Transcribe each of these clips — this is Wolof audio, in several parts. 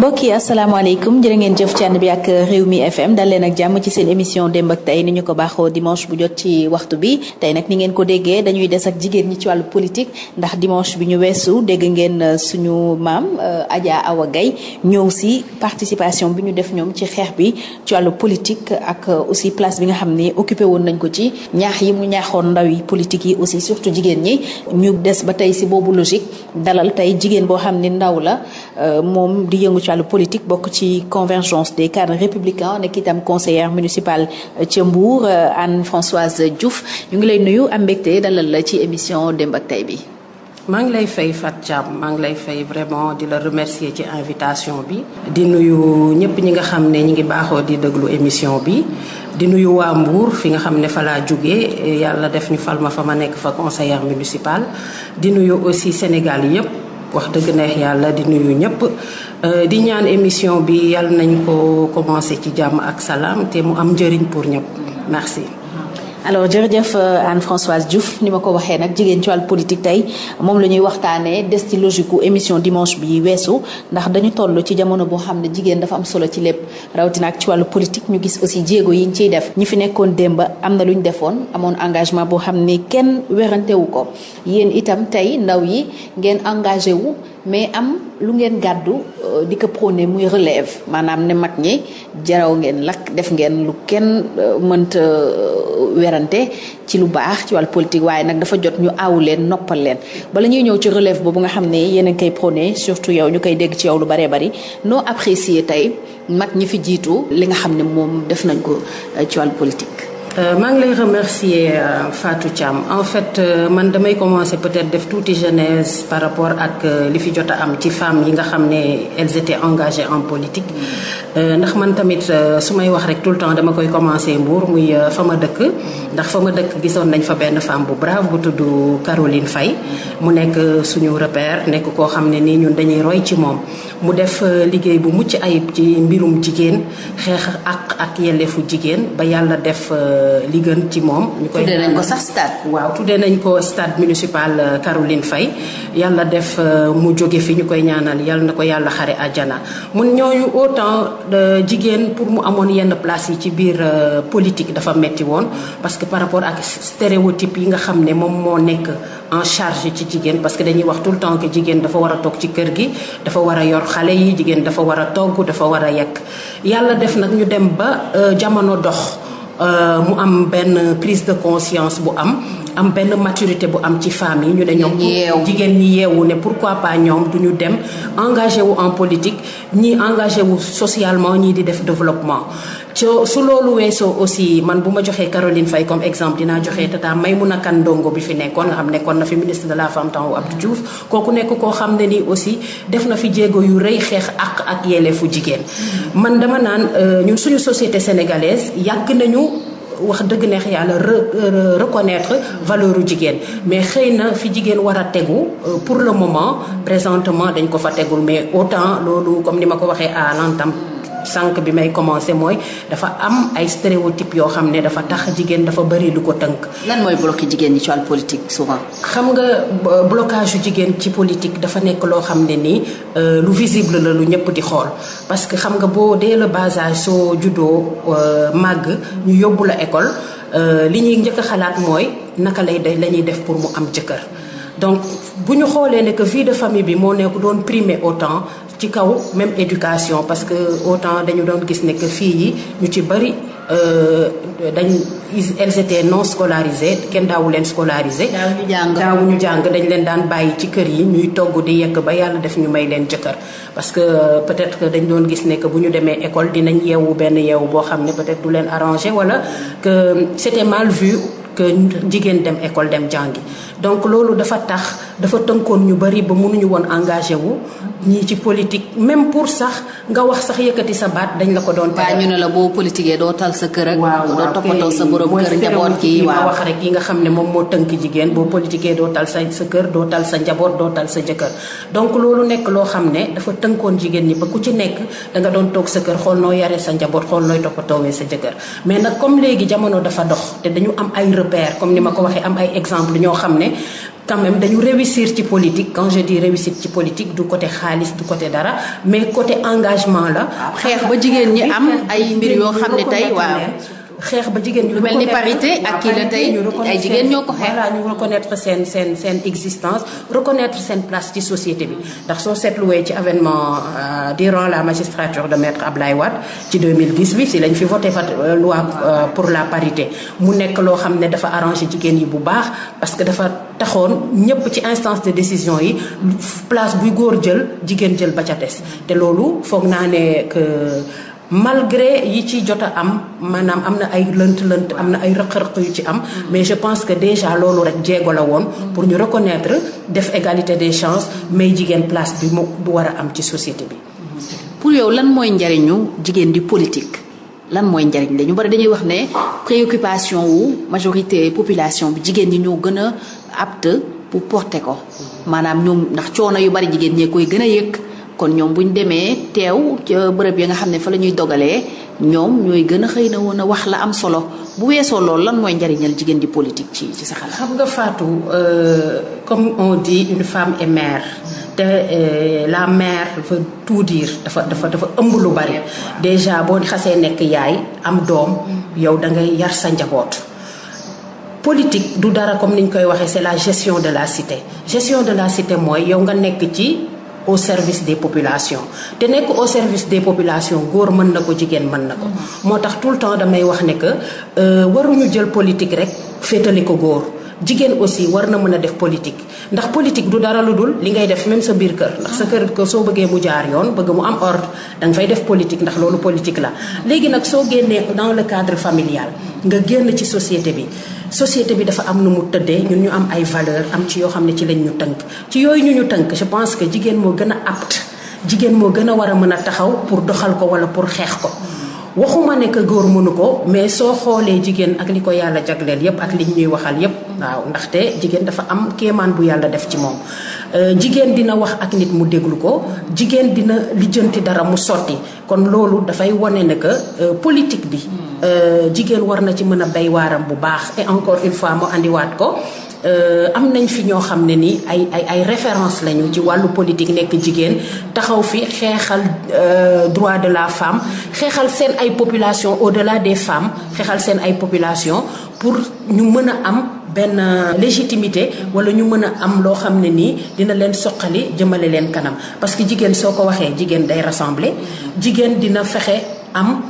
mbokk yi asalaamaaleykum jërë ngeen jëf ci bi ak réew mi fm dal leen ak jàmm ci seen émission démb ak tey ni ñu ko baaxoo dimanche bu jot ci waxtu bi tey nag ni ngeen ko déggee dañuy des ak jigéen ñi ci wàllu politique ndax dimanche bi ñu weesu dégg ngeen euh, suñu maam euh, Adja Awa Gaye ñëw si participation bi ñu def ñoom ci xeex bi ci wàllu politique ak euh, aussi place bi nga xam ni occupé woon nañ ko ci ñaax yi mu ñaaxoon ndaw yi politique yi aussi surtout jigéen ñi ñu des ba tey si boobu logique dalal tey jigéen boo xam ne ndaw la moom di yëngu ci politique bokk ci convergence des cadres républicains nekk itam conseillère municipale euh, ca Mbour euh, Anne Françoise Diouf ñu ngi lay nuyu am mbégte dalal la ci émission Demb ak Tay bi maa ngi lay fay Fat Thiam maa ngi lay fay vraiment di la remercier ci invitation bi di nuyu ñëpp ñi nga xam ne ñi ngi baaxoo di déglu émission bi di nuyu waa mbuur fi nga xam ne fa laa jógee yàlla def ñu fal ma fa ma nekk fa conseillère municipale di nuyu aussi Sénégal yëpp wax dëgg neex yàlla di nuyu ñëpp Euh, di ñaan émission bi yal nañu ko commencé ci jàmm ak salaam te mu am njëriñ pour ñëpp merci. alors jërëjëf euh, Anne-Françoise Diouf ni ma ko waxee nag jigéen ci wàllu politique tey moom la ñuy waxtaanee des ci logique émission dimanche bi weesu ndax dañu toll ci jamono boo xam ne jigéen dafa am solo ci lépp rawatina ak ci wàllu politique ñu gis aussi jéego yi ñu ciy def. ñu fi nekkoon démb am na lu ñu defoon amoon engagement boo xam ne kenn werantewu ko yéen itam tey ndaw yi ngeen engagé wu. mais am lu ngeen gàddu euh, di ko prôné muy relève maanaam ne mag ñi jaraw ngeen lakk def ngeen lu kenn euh, mënta euh, werante ci lu baax ci wàllu politique waaye nag dafa jot ñu aawu leen noppal leen bala ñuy ñëw ci relève boobu nga xam ne yéen a ngi koy surtout yow ñu koy dégg ci yow lu baree bari noo apprécier tey mag ñi fi jiitu li nga xam ne moom def nañ ko ci wàllu politique. Euh, maa ngi lay remercier euh, Fatou Thiam en fait euh, man damay commencer peut-être def tuuti genèse par rapport ak li fi jot a am ci femmes yi nga xam ne elles étaient en politique. ndax man tamit su may wax rek tout le temps dama koy commencer Mbour muy fa ma dëkk ndax fa ma dëkk gisoon nañ fa benn femme bu brave bu tudd Caroline Faye mu nekk suñu repère nekk koo xam ne nii ñun dañuy roy ci moom mu def liggéey bu mucc ayib ci mbirum jigéen xeex ak ak yelleefu jigéen ba yàlla def. Euh, li gën ci moom. ñu koy tuddee nañ ko sax stade. waaw tuddee nañ ko stade municipal euh, Caroline fay yàlla def euh, mu jóge fi ñu koy ñaanal yàlla na ko yàlla xare àjjana mun ñooñu autant jigéen pour mu amoon yenn place yi ci biir politique dafa metti woon parce que par rapport ak stéréotype yi nga xam ne moom moo nekk en charge ci jigéen parce que dañuy wax tout temps que jigéen dafa war a toog ci kër gi dafa war a yor xale yi jigéen dafa war a togg dafa war a yekk yàlla def nag ñu dem ba jamono dox Euh, mu am benn prise de conscience bu am am benn maturité bu am ci femmes yi ñu ne ñoom jigéen ñi yeewu ne pourquoi pas ñoom du ñu dem engagé wu en politique ñi engagé wu socialement ñii di def développement so su loolu weesoo aussi man bu ma joxee Caroline fay comme exemple dinaa joxee tata Maimouna Kane Ndongo bi fi nekkoon nga xam kon na fi ministre de la femme temps Abdou Diouf kooku nekk koo xam ne nii aussi def na fi jéego yu rëy xeex ak ak yelleefu jigéen. man dama naan euh, ñun suñu société sénégalaise yàgg nañu. wax dëgg neex yàlla re reconnaître valeur jigéen mais xëy na fi jigéen war a tegu euh, pour le moment présentement dañ ko fa tegul mais autant loolu comme ni ma ko waxee à l'entame sànq bi may commencé mooy dafa am ay stéréotypes yoo xam ne dafa tax jigéen dafa bëri lu ko tënk. lan mooy bloqué jigéen ñi ci wàllu politique xam nga blocage yu jigéen ci politique dafa nekk loo xam ne nii euh, lu visible la lu ñëpp di xool parce que xam nga boo dès le bas âge soo juddoo euh, màgg ñu yóbbu la école euh, li ñuy njëkk xalaat mooy naka lay day lañuy def pour mu am jëkkër donc bu ñu xoolee ne vie de famille bi moo nekk doon primé autant ci kaw même éducation parce que autant dañu doon gis ne que fii yi ñu ci bëri euh, dañ elles étaient non scolarisées kenn daawu leen scolarisé daawuñu jàng dañ leen daan bàyyi ci kër yi ñuy togg di yekk ba yàlla def ñu may leen jëkkër parce que euh, peut-être que dañ doon gis ne que bu ñu demee école dinañ yeewu benn yeewu boo xam ne peut-être du leen arrangé wala que c'était mal vu que jigéen dem école dem jàngi donc loolu dafa tax dafa tënkoon ñu bari ba mënuñu woon engagé wu. ñii ci politique même pour sax nga wax sax yëkkati sa baat dañu la ko doon. tere ñu la boo politiquee doo tal sa kër ak. doo toppatoo sa borom kër njaboot gi waaw wax rek nga xam ne moom moo tënk jigéen boo politiquee doo tal sa sa kër doo sa njaboot doo sa jëkkër. donc loolu nekk loo xam ne dafa tënkoon jigéen ñi ba ci nekk da nga doon toog sa kër xool noo yaree sa njaboot xool nooy toppatoowee sa jëkkër mais nag comme léegi jamono dafa dox te dañu am ay repères comme ni ma ko waxee am ay exemple ñoo xam ne quand même dañu réussir ci politique quand je dis réussir ci politique du côté xaalis du côté dara mais côté engagement la. Ah, xeex ah, ba jigéen ñi am ay mbir yoo xam ne tey waaw. xeex ba jigéen ñi. lu mel ni parité ak kii la tey ay jigéen seen seen seen existence reconnaître seen place ci société bi ndax soo seetluwee ci avènement euh, durant la magistrature de ab Ablaye Wade ci 2018 si lañ fi voté fa euh, loi euh, pour la parité mu nekk loo xam ne dafa arrangé jigéen yi bu baax parce que dafa taxoon ñëpp ci instance de décision yi place buy góor jël jigéen jël ba ca des te loolu foog naa ne que. malgré yi ci jot a am maanaam am na ay lënt-lënt am na ay rëq-rëq yu ci am. mais je pense que déjà loolu rek jéego la woon. pour ñu reconnaître def égalité des chance may jigéen place bi mu bu war a am ci société bi. pour yow lan mooy njariñu jigéen di politique lan mooy njariñ la ñu bari dañuy wax ne préoccupation wu majorité population bi jigéen ñi ñoo gën a apt pour porter ko. maanaam ñoom ndax coono yu bari jigéen ñee koy gën a yëg. kon ñoom bu ñu demee teew ca bërëb yi nga xam ne fa la ñuy dogalee ñoom ñooy gën a xëy na woon a wax la am solo bu weesoo lool lan mooy njariñal jigéen di politique ci ci sa xam nga faatu euh, comme on di une femme et maire te euh, la mère dafa tout dire dafa dafa dafa ëmb lu bari déjà boo xasee nekk yaay am doom yow da ngay yar sa njaboot. politique du dara comme ni ñu koy waxee c'est la gestion de la cité gestion de la cité mooy yow nga nekk ci au service des population te nekk au service des population góor mën na ko jigéen mën na ko. moo tax tout le temps damay wax ne que euh, waruñu jël politique rek féetale ko góor. jigéen aussi war na mën a def politique ndax politique du dara lu dul li ngay def même sa biir kër ndax sa kër ko soo bëggee mu jaar yoon bëgg mu am ordre danga fay def politique ndax loolu politique la léegi nag soo génnee dans le cadre familial. nga génn ci société bi société bi dafa am nu mu tëddee ñun ñu am ay valeur am ci yoo xam ne ci lañ ñu tënk ci yooyu ñu ñu tënk je pense que jigéen moo gën a apte jigéen moo gën a war a mën a taxaw pour doxal ko wala pour xeex ko waxuma ne que góor mënu ko mais soo xoolee jigéen ak li ko yàlla jagleel yépp ak li ñuy waxal yépp waaw ndaxte jigéen dafa am kéemaan bu yàlla def ci moom Euh, jigéen dina wax ak nit mu déglu ko jigéen dina lijjanti dara mu sotti kon loolu dafay wane ne que euh, politique bi euh, jigéen war na ci mën a bay waaram bu baax et encore une fois mu andiwaat ko am nañ fi ñoo xam ne ni ay ay ay référence lañu ci wàllu politique nekk jigéen taxaw fi xeexal droit de la femme xeexal seen ay population au la des femmes xeexal seen ay population pour ñu mën a am benn légitimité wala ñu mën a am loo xam ne nii dina leen soqali jëmmale leen kanam parce que jigéen soo ko waxee jigéen day rassembler jigéen dina fexe am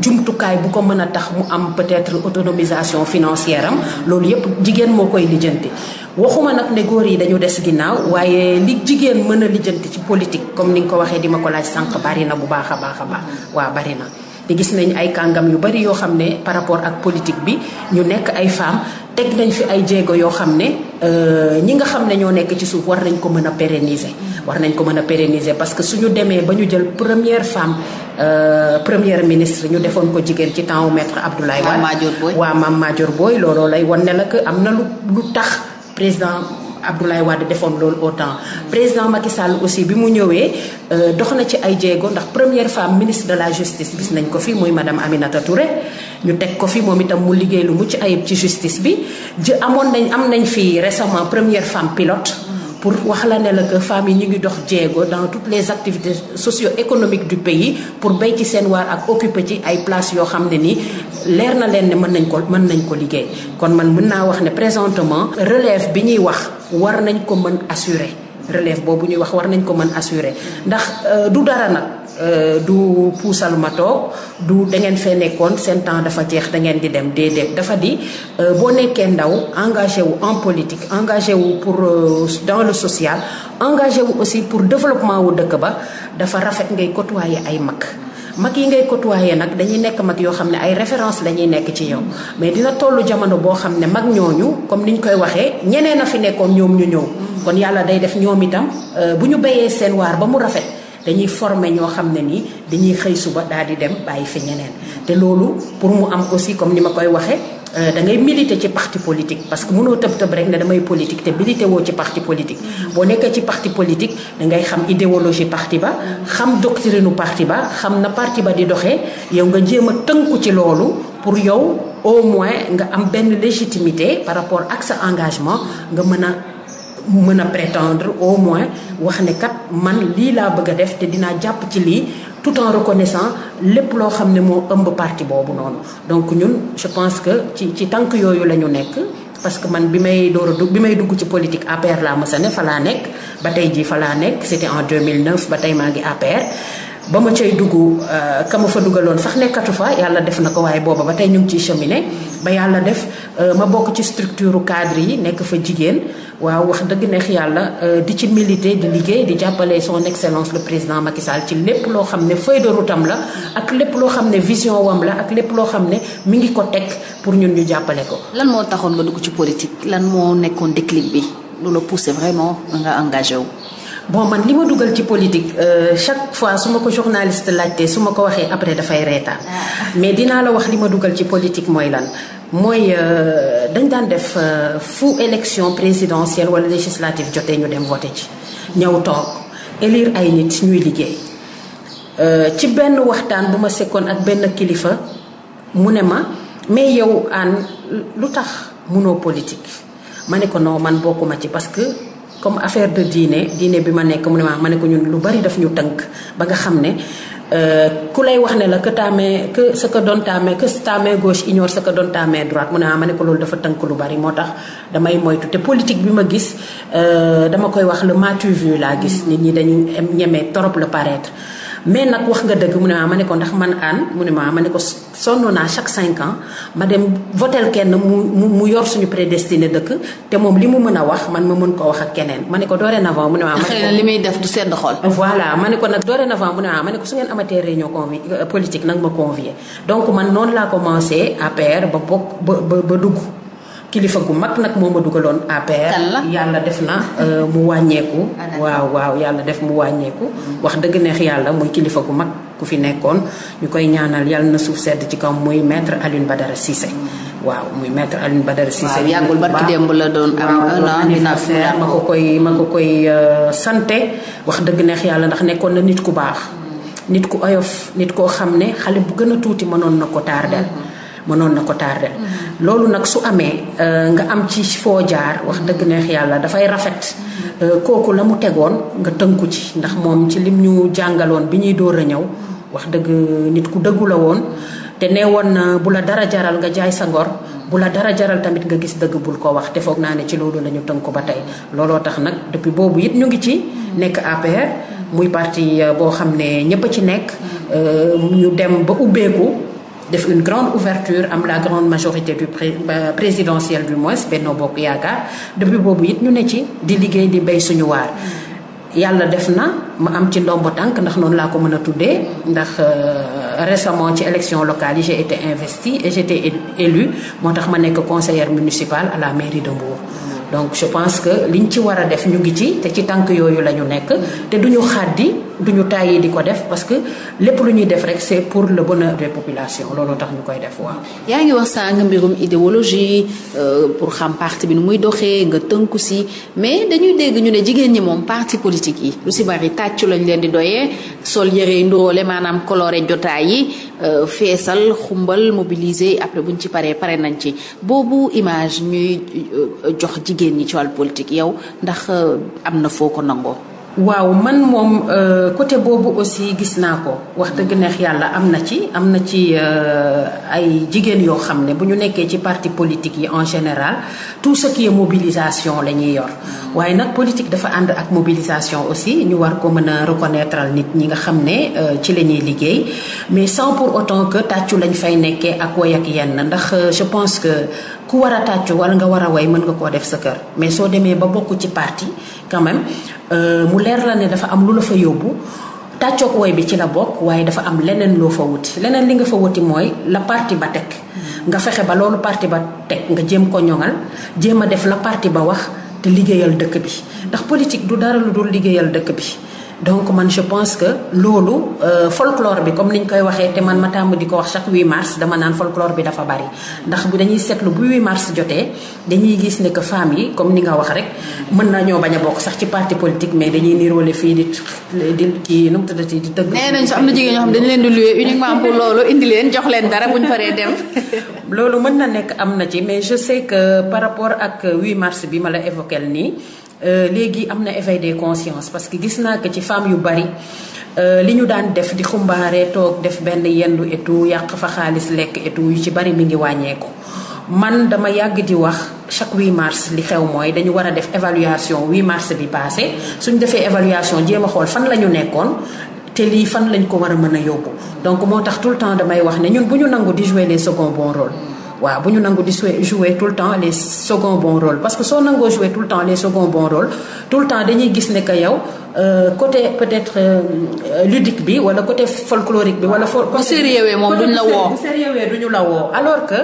jumtukaay bu ko mën a tax mu am peut-être autonomisation financière am loolu yëpp jigéen moo koy lijjanti waxuma nag ne góor yi dañu des ginnaaw waaye li jigéen mën a lijjanti ci politique comme ni nga ko waxee di ma ko laaj sànq bari na bu baax a baax a baax waa bari na te gis nañ ay kàngam yu bari yoo xam ne par rapport ak politique bi ñu nekk ay femmes teg nañ fi ay jéego yoo xam ne euh, ñi nga xam ne ñoo nekk ci suuf war nañ ko mën a pérenniser. war nañ ko mën a pérenniser parce que suñu demee ba ñu jël première femme euh, première ministre ñu defoon ko jigéen ci temps wu maître Abdoulaye Wade. Mame Madior Boye waaw Mame looloo lay wan ne la que am na lu lu tax président. Abdoulaye Wade defoon loolu autant président Macky Sall aussi bi mu ñëwee euh, dox na ci ay jéego ndax première femme ministre de la justice gis nañ ko fi muy madame Aminata Touré ñu teg ko fi moom itam mu liggéey lu mucc ayib ci justice bi ji amoon nañ am nañ fi récemment première femme pilote. pour wax la ne la que femmes yi ñu ngi dox jéego dans toutes les activités socio-économiques du pays pour béy ci seen waar ak occuper ci ay places yoo xam ne nii leer na leen ne mën nañ ko mën nañ ko liggéey kon man mën naa wax ne présentement relève bi ñuy wax war nañ ko mën assurer relève boobu ñuy wax war nañ ko mën assurer ndax euh, du dara nag. Euh, du puusal ma toog du da ngeen fee nekkoon seen temps dafa jeex da ngeen di dem déedéet dafa di euh, boo nekkee ndaw engagé wu en politique engagé wu pour euh, dans le sociale engagé wu aussi pour développement wu dëkk ba dafa rafet ngay côtoyer ay mag. mag yi ngay côtoyer nag dañuy nekk mag yoo xam ne ay référence la ñuy nekk ci yow mais dina tollu jamono boo xam ne mag ñooñu comme ni ñu koy waxee ñeneen a fi nekkoon ñoom ñu ñëw. kon yàlla day def ñoom itam bu ñu béyee seen waar ba mu rafet. dañuy former ñoo xam ne nii dañuy xëy suba daal di dem bàyyi fi ñeneen te loolu pour mu am aussi comme ni ma koy waxee euh, da ngay militer ci parti politique parce que mënoo tëb rek ne damay politique te ci parti politique. boo nekkee ci parti politique da ngay xam idéologie parti ba xam doctrine nu parti ba xam na parti ba di doxee yow nga jéem a tënku ci loolu pour yow au moins nga am benn légitimité par rapport ak sa engagement nga mën a. mën a prétendre au moins wax ne kat man lii laa bëgg a def te dinaa jàpp ci lii tout en reconnaissant lépp loo xam ne moo ëmb parti boobu noonu donc ñun je pense que ci ci tank yooyu la ñu nekk parce que man bi may door a dugg bi may dugg ci politique APR laa mës a ne fa laa nekk ba tey jii fa laa nekk c'était en ba tey maa ngi APR ba ma cay dugg euh, ka ma fa dugaloon sax nekkatu fa yàlla def na ko waaye booba ba tey ñu ngi ciy cheminer ba yàlla def euh, ma bokk ci structure cadre yi nekk fa jigéen waaw wax dëgg neex yàlla euh, di ci militer di liggéey di jàppale son excellence le président Macky Sall ci lépp loo xam ne feuille de route la ak lépp loo xam ne vision wam la ak lépp loo xam ne mi ngi ko teg pour ñun ñu jàppale ko. lan moo taxoon nga dugg ci politique lan moo nekkoon déclic bi lu la poussé vraiment nga engagé wu. bon man li ma dugal ci politique euh, chaque fois su ma ko journaliste laajte su ma ko waxee après dafay reetaan ah. mais dinaa la wax li ma dugal ci politique mooy lan mooy euh, dañ daan def euh, fu élection présidentielle wala législative jotee ñu dem voté ci ñëw toog élire ay nit ñuy liggéey ci benn waxtaan bu ma sekkoon ak benn kilifa mu ne ma mais yow aan lu tax mënoo politique ma ne ko non man bokkuma ci parce que comme affaire de diine diine bi ma nekk mu ne ma ma ne ko ñun lu bari daf ñu tënk ba nga xam ne euh, ku lay wax ne la que ta main que ce que donne ta main que ta main gauche ignore ce que donne ta main mu ne ma ne ko loolu dafa tënk lu bari moo tax damay moytu te politique bi ma gis euh, dama koy wax le matu vu laa gis nit ñi dañu ñemee trop le paraître mais nag wax nga dëgg mu ne maa ma ne ko ndax man aan mu ne maa ma ne ko sonn naa chaque cinq ans ma dem votel kenn mu mu yor suñu prédestiné dëkk te moom li mu mën a wax man ma mën koo wax ak keneen ma ne ko dorénavant mu ne maa ma ne ko muy def du sedd xol. voilà ma ne ko nag dorénavant mu ne maa ma ne ko su ngeen amatee réunion convi euh, politique nag ma convier donc man noonu laa commencé APR ba bokk ba ba ba dugg. kilifa gu mag nag moo ma dugaloon APR yàlla def na euh, mu wàññeeku waaw waaw yàlla def mu wàññeeku mm. wax dëgg neex yàlla muy kilifa gu mag ku fi nekkoon ñu koy ñaanal yàlla na suuf sedd ci kaw mm. muy maître Alioune Badara Cissé waaw muy maître Alioune Badara Cissé yàggul barki démb la doon am un an ma ko koy ma ko koy euh, sante wax dëgg neex yàlla ndax nekkoon na nit ku baax mm. nit ku oyof nit koo xam ne xale bu gën a tuuti mënoon na ko taardel mm-hmm. mënoon na ko tardé. loolu nag su amee euh, nga am ci foo jaar wax dëgg neex yàlla dafay rafet. Euh, kooku la mu tegoon nga tënku ci ndax moom ci lim ñu jàngaloon bi ñuy dóor a ñëw wax dëgg nit ku dëggu la woon. te nee woon na bu la dara jaral nga jaay sa ngor bu la dara jaral tamit nga gis dëgg bul ko wax te foog naa ne ci loolu la ñu tënku ba tey looloo tax nag depuis boobu it ñu ngi ci nekk APR. muy parti euh, boo xam ne ñëpp a ci nekk. ñu dem ba ubbeeku. def une grande ouverture am la grande majorité du pré euh, présidentielle du moins Benno Bokk Yaakaar depuis boobu it ñu ne ci di liggéey di béy suñu waar. yàlla def na ma am ci ndomb tànk ndax noonu laa ko mën a tuddee ndax euh, récemment ci élection locale yi j'ai été investie et j'étais élue moo tax ma nekk conseillère municipale à la mairie de Mbour. donc je pense que liñ ci war a def ñu ngi ci te ci tànk yooyu lañu nekk te duñu xàddi. du ñu tàyyi di ko def parce que lépp lu ñuy def rek c'est pour le bonheur des populations looloo tax ñu koy def waaw. yaa ngi wax sàng mbirum idéologie euh, pour xam parti bi nu muy doxee nga tënku si mais dañuy dégg ñu ne jigéen ñi moom parti politique yi lu si bari tàcc lañ leen di doyee sol yëre yu nduróole maanaam koloore jotaay yi euh, feesal xumbal mobiliser après buñ ci paree pare nañ ci boobu image ñuy euh, jox jigéen ñi ci wàllu politique yow ndax am na foo ko nangoo. waaw man moom euh, côté boobu aussi gis naa ko wax dëgg neex yàlla am na ci am na ci euh, ay jigéen yoo xam ne bu ñu nekkee ci parti politique yi en général tout ce qui mobilisation la ñuy yor waaye nag politique dafa ànd ak mobilisation aussi ñu war ko mën a reconnaître nit ñi nga xam ne euh, ci la ñuy liggéey mais sans pour autant que tàccu lañ fay nekkee ak way ak yenn ndax je pense que ku war a tàccu wala nga war a woy mën nga koo def sa kër mais soo demee ba bokk ci parti quand Euh, mu leer la ne dafa am lu la fa yóbbu tàccoog woy bi ci la bokk waaye dafa am leneen loo fa wuti leneen li nga fa wuti mooy la parti ba teg nga fexe ba loolu parti ba teg nga jéem ko ñoŋal jéem a def la parti ba wax te liggéeyal dëkk bi ndax politique du dara lu dul liggéeyal dëkk bi donc man je pense que loolu euh, folklore bi comme ni ñu koy waxee te man ma tàmm di ko wax chaque 8 mars dama naan folklore bi dafa bari ndax bu dañuy seetlu bu 8 mars jotee dañuy gis ne que femmes yi comme ni nga wax rek mën nañoo bañ a bokk sax ci parti politique mais dañuy niroole fii di di kii nu mu tuddati di tëgg. nee nañ sax am na jigéen ñoo xam dañu leen di loué uniquement pour loolu indi leen jox leen dara bu ñu paree dem. loolu mën na nekk am na ci mais je sais que par rapport ak 8 mars bi ma la évoqué nii. Euh, léegi am na éveil des consciences parce que gis naa ko ci femmes yu bari euh, li ñu daan def di xumbaare toog def benn yendu et tout yàq fa xaalis lekk et tout yu ci bari mi ngi wàññeeku. man dama yàgg di wax chaque 8 mars li xew mooy dañu war a def évaluation 8 mars bi passé suñ defee évaluation jéem a xool fan la ñu nekkoon. te lii fan lañ ko war a mën a yóbbu donc moo tax tout le temps damay wax ne ñun bu ñu nangu di jouer les second bon rôle waaw bu ñu nangu di jouer tout le temps les seconds bons rôles parce que soo nangoo jouer tout le temps les seconds bons rôles tout le temps dañuy gis ne que yow euh, côté peut-être euh, ludique bi wala côté folklorique bi wala. bu sérieux moom duñ la woo bu sérieux duñu la woo alors que.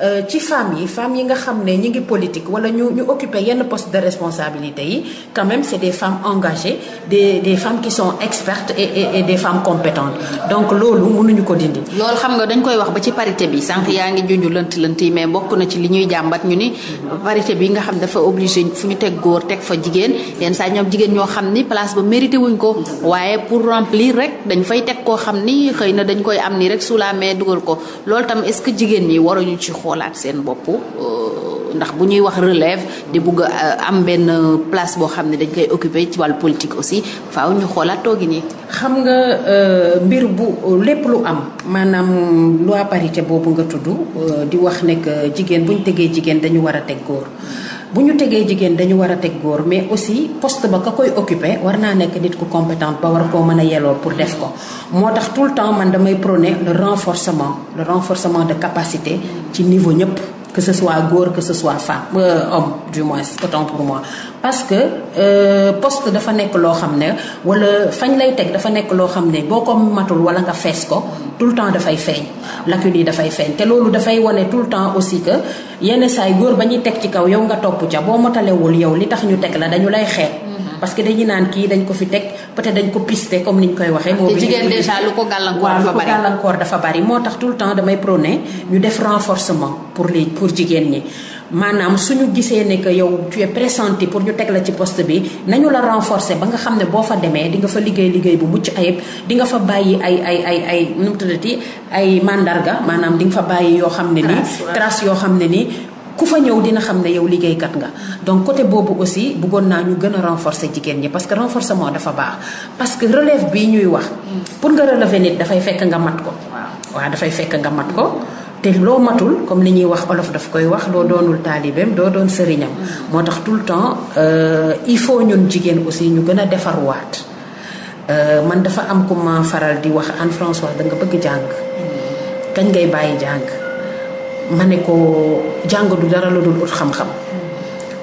Euh, ci femmes yi femmes yi nga xam ne ñi ngi politique wala ñu ñu occuper yenn poste de responsabilité yi quand même c'est des femmes engagées des des femmes qui sont expertes et et, et des femmes compétentes donc loolu mënuñu ko dindi. loolu xam nga dañ koy wax ba ci parité bi sànq yaa ngi junj lënt lënt yi mais bokk na ci li ñuy jàmbat ñu ni parité bi nga xam dafa obligé fu ñu teg góor teg fa jigéen yenn saa ñoom jigéen ñoo xam ni place ba mérité wuñ ko waaye pour remplir rek dañ fay teg koo xam ni xëy na dañ koy am ni rek sous la main ko loolu tam est-ce que jigéen ñi waruñu ci xoolaat seen bopp euh, ndax bu ñuy wax relève di bugg euh, am benn place boo xam ne dañ koy occuper ci wàllu politique aussi faaw ñu xoolaat toogin nii xam nga euh, mbir bu lépp lu am maanaam loi parité boobu nga tudd di wax nekk jigéen bu ñu tegee jigéen dañu war a teg góor bu ñu tegee jigéen dañu war a teg góor mais aussi poste ba ko koy occupé war naa nekk nit ku compétente ba war koo mën a yellool pour def ko moo tax tout le temps man damay prôner le renforcement le renforcement de capacité ci niveau ñëpp que ce soit góor que ce soit femme euh, homme du moins autant pour moi parce que euh, dafa nekk loo xam ne wala fañ lay teg dafa nekk loo xam ne boo ko matul wala nga fees ko tout le temps dafay feeñ lacune yi dafay feeñ te loolu dafay wane tout le temps aussi que yenn saay góor ba ñuy teg ci kaw yow nga topp ca boo motalewul yow li tax ñu teg la dañu lay xeet mm-hmm. parce dañu naan kii dañ ko fi teg peut-être dañ ko pisté comme niñ koy waxee. boobu jigéen déjà lu ko gàllankoor dafa bari lu ko gàllankoor dafa bari moo tax tout le temps damay prôné ñu def renforcement pour les pour jigéen ñi. maanaam suñu gisee ne que yow tu es pressenti pour ñu teg la ci poste bi nañu la renforcer ba nga xam ne boo fa demee di nga fa liggéey liggéey bu mucc ayib di nga fa bàyyi ay ay ay ay nu mu ay mandarga maanaam di nga fa bàyyi yoo xam ne nii. trace yoo xam ne nii. ku fa ñëw dina xam ne yow liggéeykat nga donc côté boobu aussi bëggoon naa ñu gën a renforcer jigéen ñi parce que renforcement dafa baax parce que relève bi ñuy wax pour nga relever nit dafay fekk nga mat ko waaw dafay fekk nga mat ko te loo matul comme li ñuy wax olof daf koy wax doo doonul taalibeem doo doon sëriñam mm. moo tax tout le temps euh, il faut ñun jigéen aussi ñu gën a defar defarwaat euh, man dafa am ku ma faral di wax Anne Françoise da bëgg jàng mm. kañ ngay bàyyi jàng ma ne ko jàng du dara lu dul ut xam-xam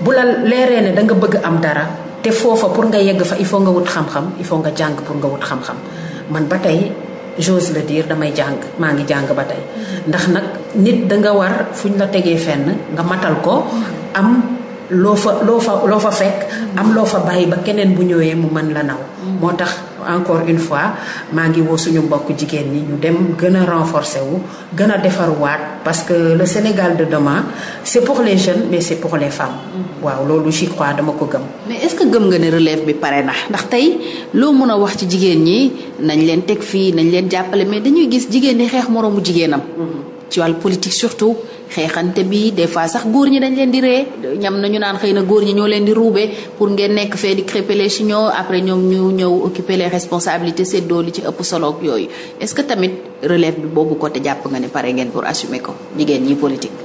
bu la leeree ne da nga bëgg am dara te foofa pour nga yegg fa il faut nga wut xam-xam il faut nga jàng pour nga wut xam-xam man ba tey j'ose la diir damay jàng maa ngi jàng ba tey ndax nag nit da nga war fu ñu la tegee fenn nga matal ko am loo fa loo fa loo fa fekk mm-hmm. am loo fa bàyyi ba keneen bu ñëwee mu mën la naw mm-hmm. moo tax encore une fois maa ngi woo suñu mbokk jigéen ñi ñu dem gën a renforcer wu gën a defarwaat parce que le Sénégal de demain c'est pour le jeunes mais c'est pour les femmes mm-hmm. waaw loolu j'y crois dama ko gëm mais est-ce que gëm nga ne relève bi pare na ndax tey loo mën a wax ci jigéen ñi nañ leen teg fii nañ leen jàppale mais dañuy gis jigéen ñi xeex moroomu jigéenam ci wàll politique surtout xeexante bi des fois sax góor ñi dañ leen di ree ñam nañu naan xëy na góor ñi ñoo leen di ruube pour ngeen nekk fee di crêper les ñoo après ñoom ñu ñëw occuper les responsabilités seddoo li ci ëpp solo yooyu est-ce que tamit relève bi boobu côté jàpp nga ne pare ngeen pour assumer ko jigéen ñi politique.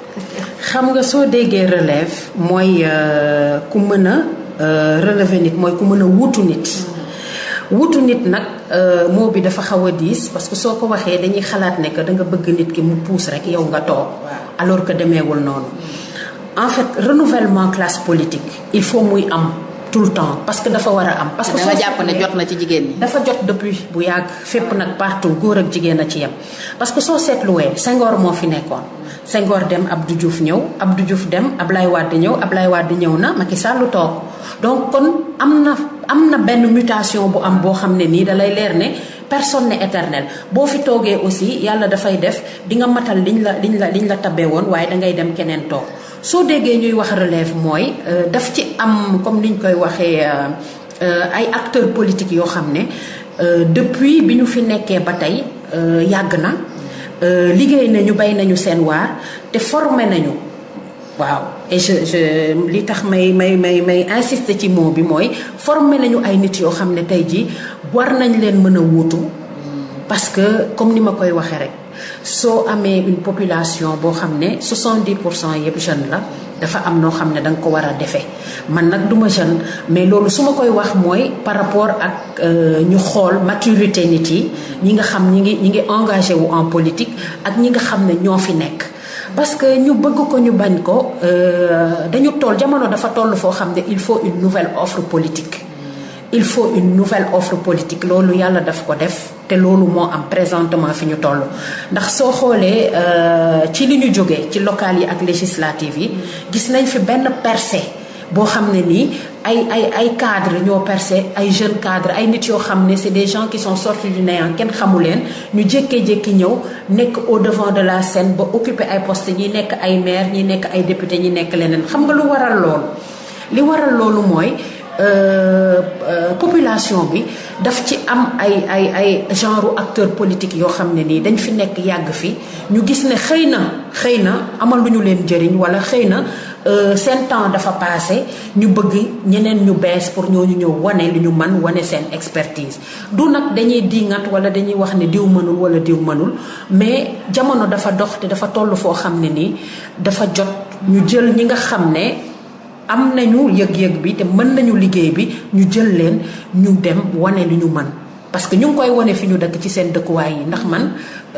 xam nga soo déggee relève mooy euh, ku mën a euh, relever nit mooy ku mën a wuutu nit. wutu nit nag euh, moo bi dafa xaw a diis parce que soo ko waxee dañuy xalaat ne que da nga bëgg nit ki mu puus rek yow nga toog alors que demeewul noonu en fait renouvellement classe politique il faut muy am tout le temps parce que dafa war a am. parce que da jàpp ne jot na ci jigéen ñi. dafa jot depuis bu yàgg fépp nag partout góor ak jigéen a ci yem parce que soo seetluwee Senghor moo fi nekkoon Senghor dem Abdou Diouf ñëw Abdou Diouf dem Ablaye Wade ñëw Ablaye Wade ñëw na Macky Sall toog donc kon am na am na benn mutation bu am boo xam ne nii da lay leer ne. personne n'est éternel boo fi toogee aussi yàlla dafay def di nga matal liñ la liñ la liñ la tabee woon waaye dangay dem keneen toog soo déggee ñuy wax relève mooy euh, daf ci am comme ni ñu koy waxee euh, euh, ay acteurs politiques yoo xam ne depuis bi ñu fi nekkee ba tey yàgg na liggéey nañu bay nañu seen waar te forme nañu waaw et li tax may may may may insister ci moom bi mooy formé nañu ay nit yoo xam ne tey jii war nañ leen mën a wuutu parce que comme ni ma koy waxee rek soo amee une population boo xam ne 70 pour cent yëpp jeune la dafa am noo xam ne da nga ko war a defee man nag duma ma jeune mais loolu su ma koy wax mooy par rapport ak euh, ñu xool maturité nit yi ñi nga xam ñi ngi ñi ngi engagé wu en politique ak ñi nga xam ne ñoo fi nekk parce que ñu bëgg ko ñu bañ ko euh, dañu toll jamono dafa toll foo xam ne il faut une nouvelle offre politique il faut une nouvelle offre politique loolu yàlla daf ko def te loolu moo am présentement fi ñu toll ndax soo xoolee euh, ci li ñu jógee ci local yi ak législative yi gis nañ fi benn percée boo xam ne nii ay ay ay cadres ñoo percé ay jeunes cadres ay nit yoo xam ne c'est des gens qui sont sortis du néant kenn xamu leen ñu jékkee-jékki ñëw nekk au devant de la scène ba occuper ay postes ñi nekk ay maire ñi nekk ay député ñi nekk leneen xam nga lu waral loolu li Euh, euh, population bi daf ci am ay ay ay genre acteur politique yoo xam ne nii dañ fi nekk yàgg fi ñu gis ne xëy na xëy na amal lu ñu leen jëriñ wala xëy na euh, seen temps dafa passé ñu bëgg ñeneen ñu bees pour ñu ñëw wane lu ñu man wane seen expertise du nag dañuy diingat wala dañuy wax ne diw mënul wala diw mënul mais jamono dafa dox te dafa toll foo xam ne nii dafa jot ñu jël ñi nga xam ne am na nañu yëg-yëg bi te mën nañu liggéey bi ñu jël leen ñu dem wane li ñu mën parce que ñu ngi koy wane fi ñu dëkk ci seen dëkkuwaay yi ndax man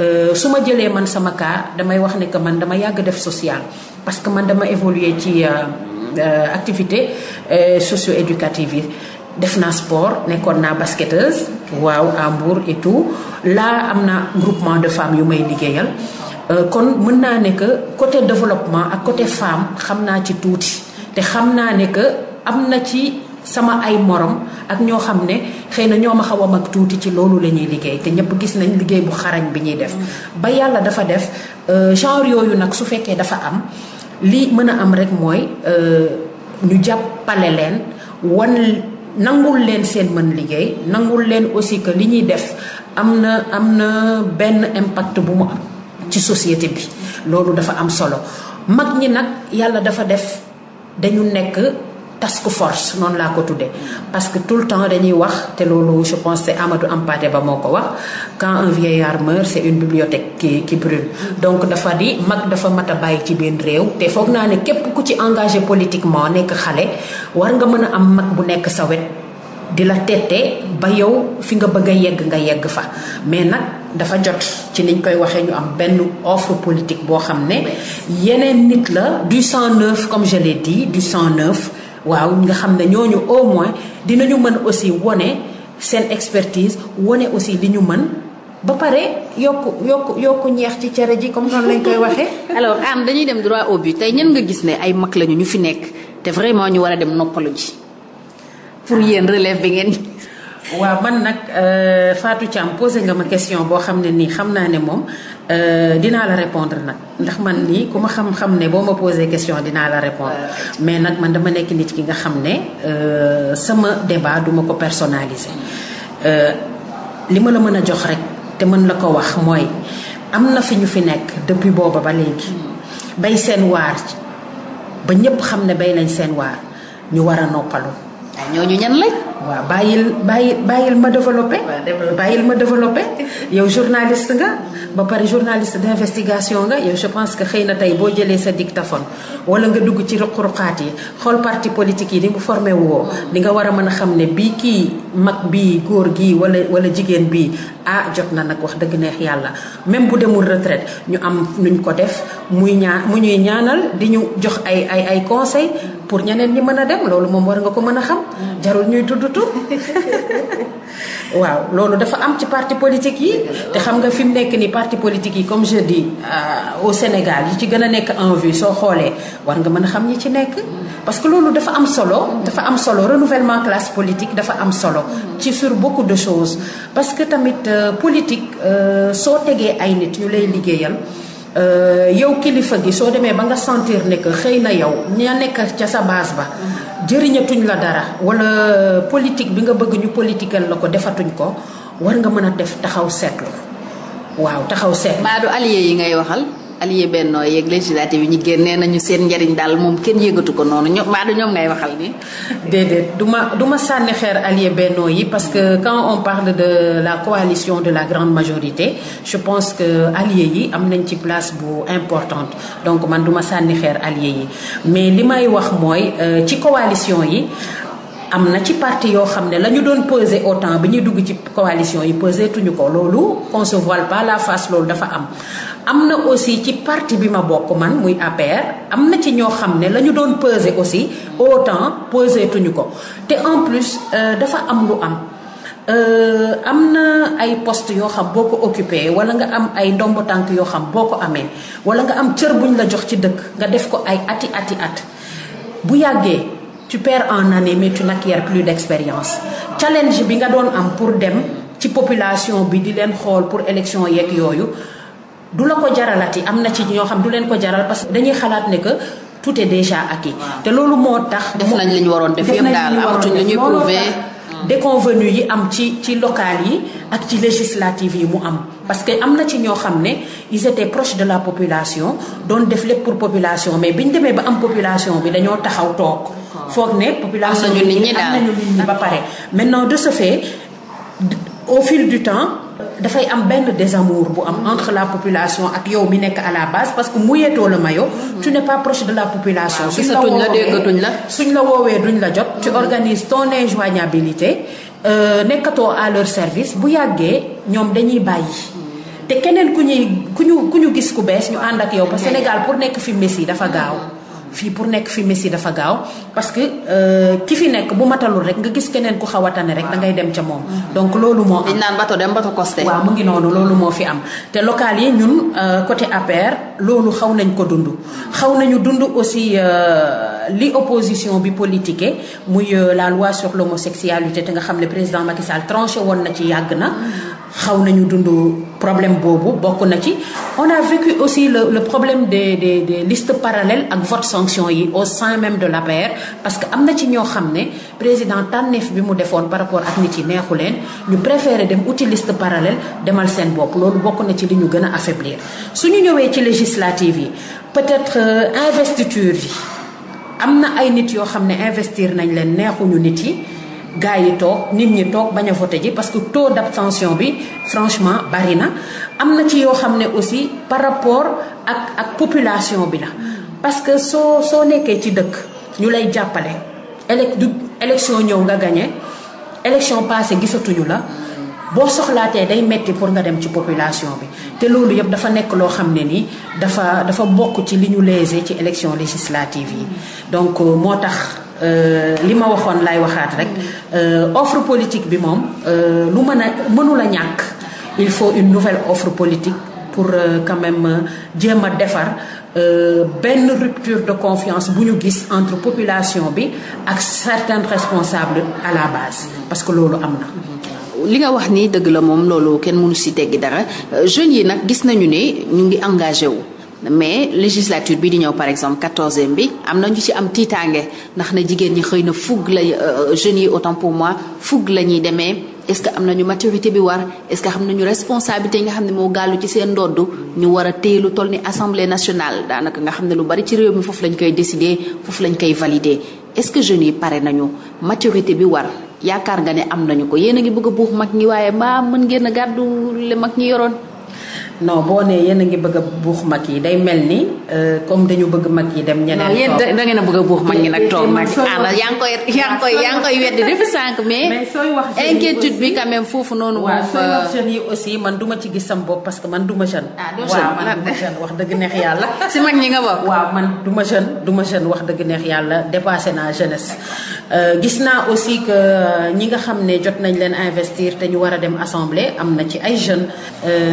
euh, su ma jëlee man sama cas damay wax ne que man dama yàgg def social parce que man dama évoluer ci euh, euh, activité socio éducative yi def naa sport nekkoon naa basketteuse waaw à Mbour et tout là am na groupement de femmes yu may liggéeyal kon mën naa ne que côté développement ak côté femme xam naa ci tuuti te xam naa ne que am na ci sama ay morom ak ñoo xam ne xëy na ñoo ma xaw a mag tuuti ci loolu la ñuy liggéey te ñëpp gis nañ liggéey bu xarañ bi ñuy def. Mm. ba yàlla dafa def euh, genre yooyu nag su fekkee dafa am lii mën a am rek mooy euh, ñu jàppale leen wan nangul leen seen mën liggéey nangul leen aussi que li ñuy def am na am na benn impact bu mu am ci société bi loolu dafa am solo mag ñi nag yàlla dafa def. dañu nekk task force noonu laa ko tuddee parce que tout le temps dañuy wax te loolu je pense c'est Amadou Hampâté Ba moo ko wax quand un vieillard meurt c'est une bibliothèque qui qui brûle donc dafa di mag dafa mat a bàyyi ci biir réew te foog naa ne képp ku ci engagé politiquement nekk xale war nga mën a am mag bu nekk sa wet di la tette ba yow fi nga bëgg a yegg nga yegg fa mais nag dafa jot ci niñ koy waxee ñu am benn offre politique boo xam ne yeneen nit la du sang neuf comme je l'ai dit du sang waaw nga xam ne ñooñu au moins dinañu mën aussi wone seen expertise wone aussi li ñu mën ba pare yokk yokk yokk ñeex ci cere ji comme noonu lañ koy waxee. alors Anne dañuy dem droit au but tey ñen nga gis ne ay mag lañu ñu fi nekk te vraiment ñu war a dem noppalu ji pour yéen relève bi ngeen. waaw man nag euh, Fatou Thiam posé nga ma question boo xam ne nii xam naa ne moom euh, dinaa la répondre nag ndax man nii ku ma xam-xam ne boo ma posé question dinaa la répondre mais nag man dama nekk nit ki nga xam ne euh, sama débat du ma ko personnalisé li ma la mën a jox rek te mën la ko wax mooy am na fi ñu fi nekk depuis booba ba léegi bay seen waar ba ñëpp xam ne bay nañ seen waar ñu war a noppalu ñooñu ñan lañ. waaw bàyyil bàyyil bàyyil ma développé. bàyyil ma développé yow journaliste nga. ba pare journaliste d'investigation nga yow je pense que xëy na tey boo jëlee sa dictaphone wala nga dugg ci ruq-ruqaat yi xool parti politique yi ni mu formé woo di nga war a mën a xam ne bii kii mag bii góor gii wala wala jigéen bii ah jot na nag wax dëgg neex yàlla même bu demul retraite ñu am nuñ ko def muy ñaa mu ñuy ñaanal di ñu jox ay ay ay conseil pour ñeneen ñi mën a dem loolu moom war nga ko mën a xam jarul ñuy tudd waaw loolu dafa am ci parti politique yi te xam nga fi mu nekk nii parti politique yi comme je dis euh, au Sénégal yi ci gën a nekk en vue soo xoolee war nga mën a xam ñi ci nekk parce que loolu dafa am solo dafa am solo renouvellement classe politique dafa am solo ci sur beaucoup de choses parce que tamit euh, politique euh, soo tegee ay nit ñu lay liggéeyal Euh, yow kilifa gi soo demee ba nga sentir ne que xëy na yow ña nekk ca sa base ba. jëriñatuñ la dara wala politique bi nga bëgg ñu politiqueel la ko defatuñ ko war nga mën a def taxaw seetlu waaw taxaw seetlu. mbaa du allié yi ngay waxal. allié bennoo yeeg législative yi ñu génnee nañu seen njariñ daal moom kenn yëgatu ko noonu ñoom maa du ñoom ngay waxal ni déedéet du ma du ma sànni xeer allié bennoo yi parce que quand on parle de la coalition de la grande majorité je pense que allié yi am nañ ci place bu importante donc man du ma sànni xeer allier yi mais li may wax mooy euh, ci coalition yi am na ci parti yoo xam ne la ñu doon peser autant bi ñuy dugg ci coalition yi peser tuñu ko loolu concevoir pas la face loolu dafa am. am na aussi ci parti bi ma bokk man muy APR am na ci ñoo xam ne la ñu doon peser aussi autant peser tuñu ko te en plus euh, dafa am lu am. Euh, am na ay poste yoo xam boo ko occupé wala nga am ay ndombo tànk yoo xam boo ko amee wala nga am cër buñ la jox ci dëkk nga def ko ay ati ati at bu yàggee tu perds en année mais tu n'acquiers plus d'expérience challenge bi nga doon am pour dem ci population bi di leen xool pour élection yeeg yooyu du la ko jaralati am na ci ñoo xam du leen ko jaral parce que dañuy xalaat ne que tout est déjà acquis te loolu moo tax. def nañ li ñu waroon def yëpp daal amatuñ li ñuy prouver déconvenu yi am ci ci local yi ak ci législative yi mu am parce que am na ci ñoo xam ne ils étaient proches de la population doon def lépp pour population mais bi ñu demee ba am population bi dañoo taxaw toog foog ne population bi am nañu nit ñi ba pare maintenant de ce fait au fil du temps dafay am benn désamour bu am entre la population ak yow mi nekk à la base parce que mouilletoo la maillot tu n'es pas proche de la population suñ la woowee la woowee duñ la jot tu organises ton injoignabilité euh, nekkatoo à service bu yàggee ñoom dañuy bàyyi te keneen ku ñuy ku ñu ku ñu gis ku bees ñu ànd ak yow parce que Sénégal pour nekk fi messi dafa gaaw fii pour nekk fi Messi dafa gaaw parce que euh, ki fi nekk bu matalul rek nga gis keneen ku xaw a rek da ngay dem ca moom. donc loolu moo am dem bato costé. mu ngi noonu loolu moo fi am te local yi ñun euh, côté APR loolu xaw nañ ko dund xaw nañu dund aussi. Euh, li opposition bi politique muy la loi sur l'homosexualité te nga xam ne président Macky Sall tranché woon na ci yàgg na xaw nañu dund problème boobu bokk na ci on a vécu aussi le le problème des de de liste parallèles ak vote sanction yi au sein même de la l'APR parce que am na ci ñoo xam ne président tànneef bi mu defoon par rapport ak nit yi neexu leen ñu préféré dem uti liste parallèle demal seen bokk loolu bokk na ci li ñu gën a affaiblir suñu ñëwee ci législative yi peut-être euh, investiture yi am na ay nit yoo xam ne investir nañ leen neexuñu nit yi gars yi toog nit ñi toog bañ a voté ji parce que taux d'abstention bi franchement bari na am na ci yoo xam ne aussi par rapport ak ak population bi la parce que soo soo nekkee ci dëkk ñu lay jàppale élec du élection ñëw nga gagné élection passée gisatuñu la boo soxlaatee day metti pour nga dem ci population bi te loolu yëpp dafa nekk loo xam ne nii dafa dafa bokk ci li ñu lésé ci élection législative yi donc euh, moo tax euh, li ma waxoon lay waxaat rek euh, offre politique bi moom lu mën a mënul a ñàkk il faut une nouvelle offre politique pour quand même jéem a defar benn rupture de confiance bu ñu gis entre population bi ak certains responsables à la base parce que loolu am na li nga wax ni dëgg la moom loolu kenn mënu si teggi dara euh, jeunes yi nag gis nañu ni ñu ngi engagé wu. mais législature bi di ñëw par exemple quatorzième bi am na ñu ci am tiitaange ndax na jigéen ñi xëy na fugg la euh, euh, jeunes yi autant pour fugg la ñuy demee est-ce que am nañu maturité bi war est-ce que xam nañu responsabilité yi nga xam ne moo gàllu ci seen ndodd ñu war a lu toll ni assemblée nationale daanaka nga xam ne lu bari ci réew mi foofu lañ koy décider foofu lañ koy valider est-ce que jeunes yi pare nañu maturité bi war. yaakaar nga ne am nañu ko yéen ngi bëgg a buux mag ñi waaye maa mën ngeen a gàddu le mag ñi yoroon non boo nee yéen ngi bëgg a buux mag yi day mel ni euh, comme dañu bëgg mag yi dem. ñeneen toog yéen da bëgg a buux mag nag toog nag. ah yaa ngi koy yaa ngi koy mais. mais sooy wax inquiétude bi quand foofu noonu. waaw sooy euh, yi aussi man duma ci gis sam bopp parce que man du ma jeune. ah doo man du jeune wax dëgg neex yàlla. si mag ñi nga bokk. waaw man du ma jeune du ma wax dëgg neex yàlla dépassé naa jeunesse. Euh, gis naa aussi que ñi nga xam ne jot nañ leen investir te ñu war a dem assemblée am na ci ay jeunes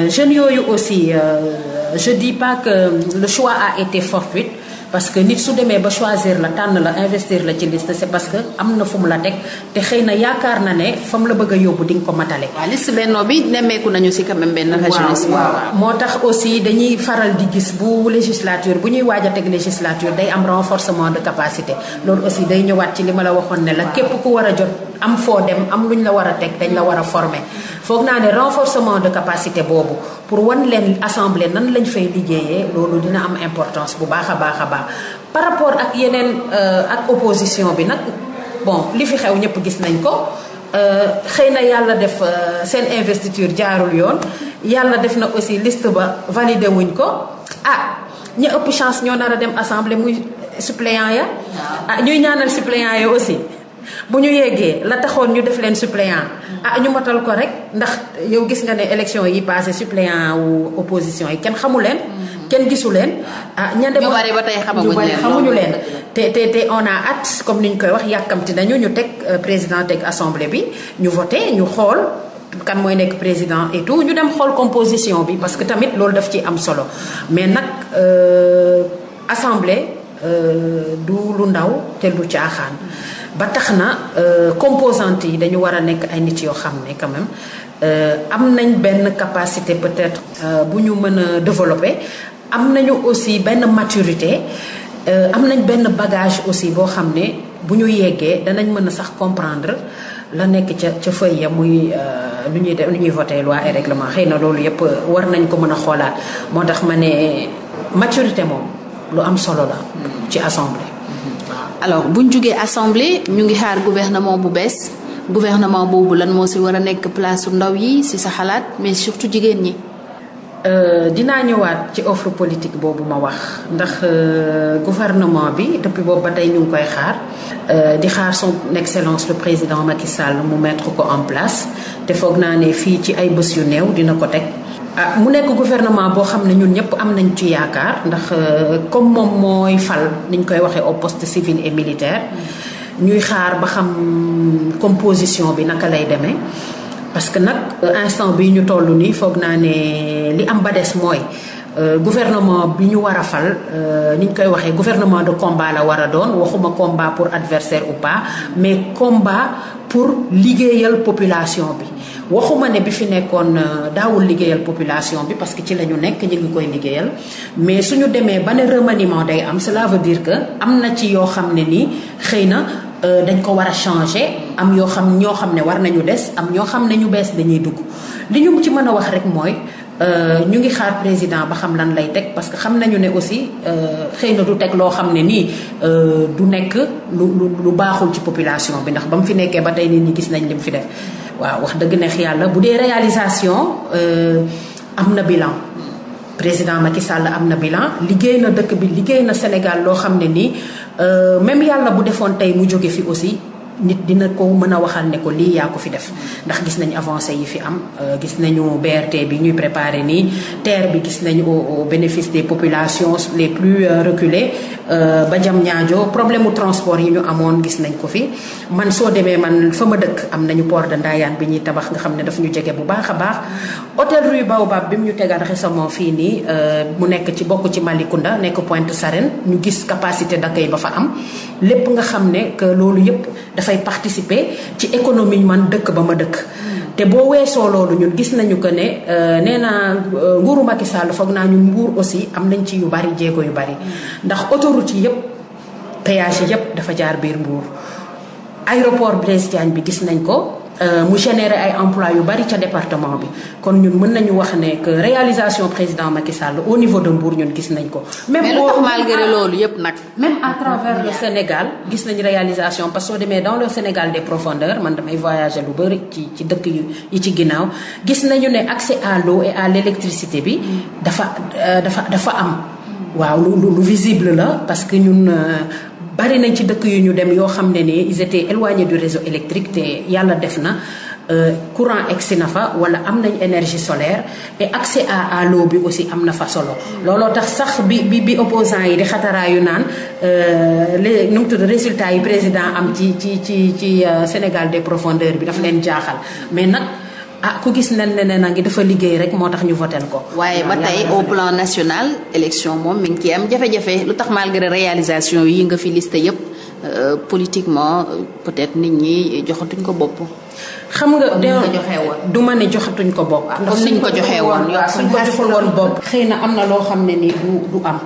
jeunes yooyu aussi euh, je dis pas que le choix a été fortuit parce que nit su demee ba choisir la tànn la investir la ci liste c'est parce que am na fu mu la teg te xëy na yaakaar na ne fa mu la bëgg a yóbbu di nga ko matale. waaw liste bennoo bi nemmeeku nañu si quand même benn rajeunissement. waaw moo tax aussi dañuy faral di gis bu législature bu ñuy waaj a teg législature day am renforcement de capacité loolu aussi day ñëwaat ci li ma la waxoon ne la képp ku war a jot am foo dem am luñ la war a teg dañ la war a former. foog naa ne renforcement de capacité boobu pour wan leen assemblée nan lañ fay liggéeyee loolu dina am importance bu baax a baax a baax par rapport ak yeneen euh, ak opposition bi nag bon li fi xew ñëpp gis nañ ko euh, xëy na yàlla def euh, seen investiture jaarul yoon yàlla def na aussi liste ba validé wuñ ko ah ñu ëpp chance ñoo nar a dem assemblée muy suppléant ya ah ñuy ñaanal suppléant ya aussi bu ñu yeggee la taxoon ñu def leen suppléant mm. ah ñu matal ko rek ndax yow gis nga ne élection yi passé suppléant wu opposition yi kenn xamu leen mm. kenn gisu leen ah ña dem ñu bari ba tey xamuñu leen on a hâte comme ni ñu koy wax yàkkamti nañu ñu teg euh, président teg assemblée bi ñu voté ñu xool kan mooy nekk président et tout ñu dem xool composition bi parce que tamit loolu daf ci am solo mais nag euh, assemblée euh, du lu ndaw te lu caaxaan ba tax na euh, composantes yi dañu war a nekk ay nit yoo xam ne quand même euh, am nañ benn capacité peut-être euh, bu ñu mën a développer am nañu aussi benn maturité am nañ benn bagage aussi boo xam ne bu ñu yeggee danañ mën a sax comprendre la nekk ca ca feuille ya muy lu ñuy def lu ñuy voté loi et règlement xëy na loolu yëpp war nañ ko mën a xoolaat moo tax ma ne maturité moom lu am solo la ci assemblée. alors buñ jógee assemblée ñu ngi xaar gouvernement bu bees gouvernement boobu lan moo si war a nekk place su ndaw yi si sa xalaat mais surtout jigéen ñi. Euh, dinaa ñëwaat ci offre politique boobu ma wax ndax euh, gouvernement bi depuis boobu ba tey ñu ngi koy xaar euh, di xaar son excellence le président Macky Sall mu mettre ko en place te foog naa ne fii ci ay bés yu néew dina ko teg. ah mu nekk gouvernement boo xam ne ñun ñëpp am nañ ci yaakaar ndax euh, comme moom mooy fal niñ koy waxee au poste civil et militaire ñuy xaar ba xam composition bi naka lay demee parce que nag euh, instant bi ñu toll nii foog naa ne li am ba des mooy Euh, gouvernement bi ñu war a fal euh, ni ñu koy waxee gouvernement de combat la war a doon waxuma combat pour adversaire ou pas mais combat pour liggéeyal population bi waxuma ne bi fi nekkoon euh, daawul liggéeyal population bi parce que ci la ñu nekk ñu ngi koy liggéeyal mais suñu demee ba ne remaniement day am cela veut dire que am na ci yoo xam ne nii xëy na dañ ko war a changer am yoo xam ñoo xam ne war nañu des am ñoo xam ne ñu bees dañuy dugg li ñu ci mën a wax rek mooy Euh, ñu ngi xaar président ba xam lan lay teg parce que xam nañu ne aussi euh, xëy na du teg loo xam ne nii euh, du nekk lu lu baaxul ci population bi ndax ba mu fi nekkee ba tey nit ñi gis nañ li mu fi def waaw wax dëgg neex yàlla bu dee réalisation am na bilan président ma Macky sàll am na bilan liggéey na dëkk bi liggéey na Sénégal loo xam ne nii même yàlla bu defoon tey mu jóge fi aussi nit dina ko mën a waxal ne ko lii yaa ko fi def ndax gis nañ avancé yi fi am euh, gis nañu BRT bi ñuy préparé nii terre bi gis nañu au bénéfice des populations les plus euh, reculées euh, ba jam ñaajo problème mu transport yi ñu amoon gis nañ ko fi man soo demee man fa ma dëkk am nañu port de Ndayane bi ñuy tabax nga xam ne daf ñu jege bu baax a baax hôtel Rue Baobab bi mu ñu tegal récemment fii nii mu nekk ci bokk ci Malicounda nekk Pointe Sarène ñu gis capacité d'accueil ba fa am lépp nga xam ne que loolu yëpp dafay participer ci économie man dëkk ba ma dëkk. te boo weesoo loolu ñun gis nañu que ne euh, nee naa euh, nguuru Macky foog naa ñu mbuur aussi am nañ ci yu bari jéego yu bari ndax autoroute yi yëpp péage yi yëpp dafa jaar biir mbuur aéroport Blaise Diagne bi gis nañ ko Euh, mu générer ay emplois yu bari ca département bi kon ñun mën nañu wax ne que réalisation président Macky Sall au niveau de Mbour ñun gis nañ ko. même mais tax malgré loolu yëpp nag. même à travers le Sénégal gis nañu réalisation parce que demee dans le Sénégal de profondeurs man damay voyager lu bari ci ci dëkk yu yi ci ginnaaw gis nañu ne accès à l'eau et à l'électricité bi. dafa euh, dafa dafa am. waaw lu lu visible la parce ñun. Euh, bari nañ ci dëkk yu ñu dem yoo xam ne ne ils étaient éloignés du réseau électrique te yàlla def na euh, courant egsi na fa wala am nañu énergie solaire te accès à à l'eau bi aussi am na fa solo looloo tax sax bi bi bi opposant yi di xataraayu naan euh, les nu mu tudd résultat yi président am ci ci ci ci euh, Sénégal des profondeurs bi daf leen jaaxal mais nag ah ku gis nen ne na ngi dafa liggéey rek moo tax ñu votel ko. waaye ba tey au plan national élection moom mi ngi ciy am jafe-jafe lu tax malgré réalisation yi nga fi liste yëpp euh, politiquement euh, peut-être nit ñi joxatuñ ko bopp. xam nga de du ma ne joxatuñ ko bopp. ndax suñ ko joxee woon suñ ko woon bopp. xëy na am na loo xam ne nii du du am.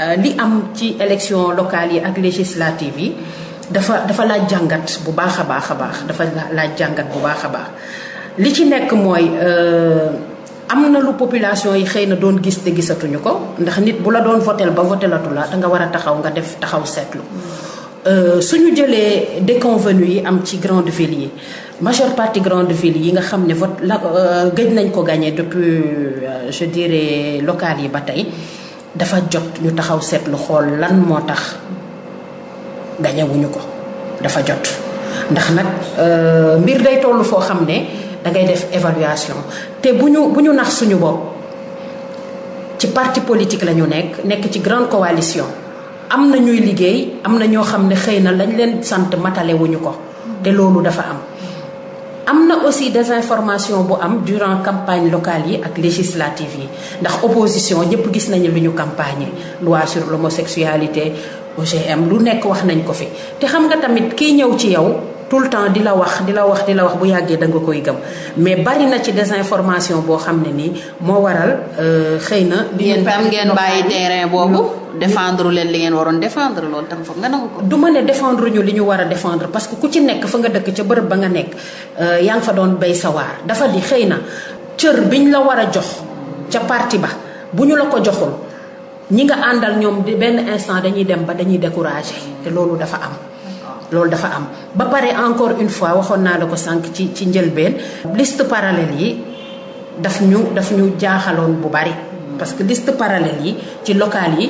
Euh, li am ci élection locale yi ak législative yi dafa dafa laaj jàngat bu baax a baax a baax dafa laaj jàngat bu baax a baax. li ci nekk mooy euh, am na lu population yi xëy na doon gis te gisatuñu ko ndax nit bu la doon votel ba votelatu la da nga war a taxaw nga def taxaw seetlu euh, suñu jëlee déconvenu yi am ci grande ville yi majeure partie grande ville yi nga xam ne vote la euh, gëj nañ ko gañee depuis je dirais locales yi ba tey dafa jot ñu taxaw seetlu xool lan moo tax gagné ko dafa jot ndax nag mbir day tollu foo xam ne da ngay def évaluation te bu ñu bu ñu nax suñu bopp ci parti politique la ñu nekk nekk ci grande coalition am na ñuy liggéey am na ñoo xam ne xëy na lañ leen sant matale wuñu ko te loolu dafa am am na aussi désinformation bu am durant campagne locale yi ak législative yi ndax opposition ñëpp gis nañu lu ñu campagne loi sur l'homosexualité OGM lu nekk wax nañ ko fi te xam nga tamit kiy ñëw ci yow tout le temps di la wax di la wax di la wax bu yàggee da nga koy gëm mais bari na ci désinformation boo xam ne nii moo waral euh, xëy na. bi ngeen am ngeen bàyyi terrain boobu. défendre leen li ngeen waroon défendre loolu tam foog nga nangu du ma ne défendre ñu li ñu war a défendre parce que ku ci nekk fa nga dëkk ca bërëb ba nga nekk euh, yaa ngi fa doon bay sawaar dafa di xëy na cër biñ la war a jox ca parti ba bu ñu la ko joxul ñi nga àndal ñoom di benn instant dañuy dem ba dañuy découragé te loolu dafa am. loolu dafa am ba pare encore une fois waxoon naa la ko sànq ci ci njëlbeen liste parallèle yi daf ñu daf ñu jaaxaloon bu bari parce que liste parallèle yi ci local yi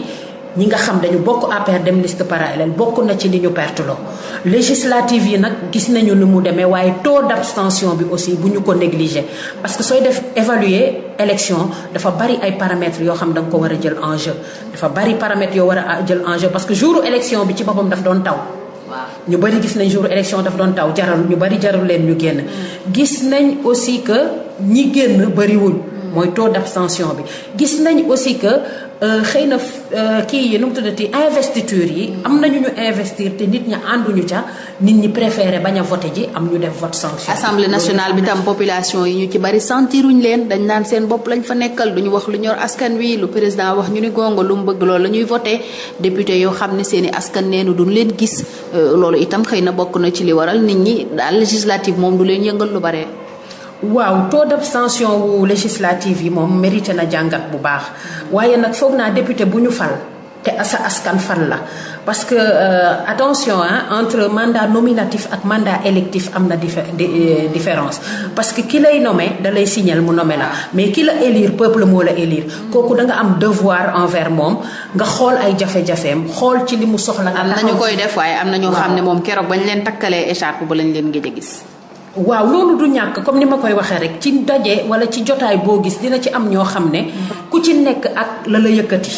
ñi nga xam dañu bokk APR dem liste parallèle bokk na ci li ñu perte loo législative yi nag gis nañu ni mu demee waaye taux d'abstention bi aussi bu ñu ko négliger parce que sooy def évaluer élection dafa bari ay paramètres yoo xam da nga ko war a jël en dafa bari paramètres yoo war a jël en jeu parce que bi ci boppam daf doon taw ñu bari gis nañ jour élection dafa doon taw jaral ñu bari jaral leen ñu génn. Mm. gis nañ aussi que ñi génn bariwuñ. mooy taux d'abstention bi gis nañ aussi que euh, xëy na euh, kii yi nu mu tuddati investiture yi am nañu ñu investir te nit ña ànduñu ca nit ñi préféré bañ a voté ji am ñu def vote sanction. assemblée nationale bi tam population yi ñu ci bari sentiruñ leen dañ naan seen bopp lañ fa nekkal duñu wax lu ñor askan wi lu président wax ñu ni gongo lu mu bëgg loolu la ñuy voté député yoo xam ne seen i askan neenu duñ leen gis euh, loolu itam xëy na bokk na ci li waral nit ñi daal législative moom du leen yëngal lu bare. waaw taux d'abstention wu législative yi moom mérité na jàngat bu baax waaye nag foog naa député bu ñu fal te asa askan fan la parce que euh, attention hein, entre mandat nominatif ak mandat électif am na diffé euh, différence parce que ki lay nommé da lay signal mu nommé la mais ki la élire peuple moo la élire kooku da nga am devoir envers moom nga xool ay jafe-jafeem xool ci li mu soxla. am na ñu koy def waaye am na ñoo xam ne moom keroog bañ leen takkalee écharpe ba lañ leen gëj a gis. waaw loolu du ñàkk comme ni ma koy waxee rek ci daje wala ci jotaay boo gis dina ci am ñoo xam ne ku ci nekk ak la la yëkkati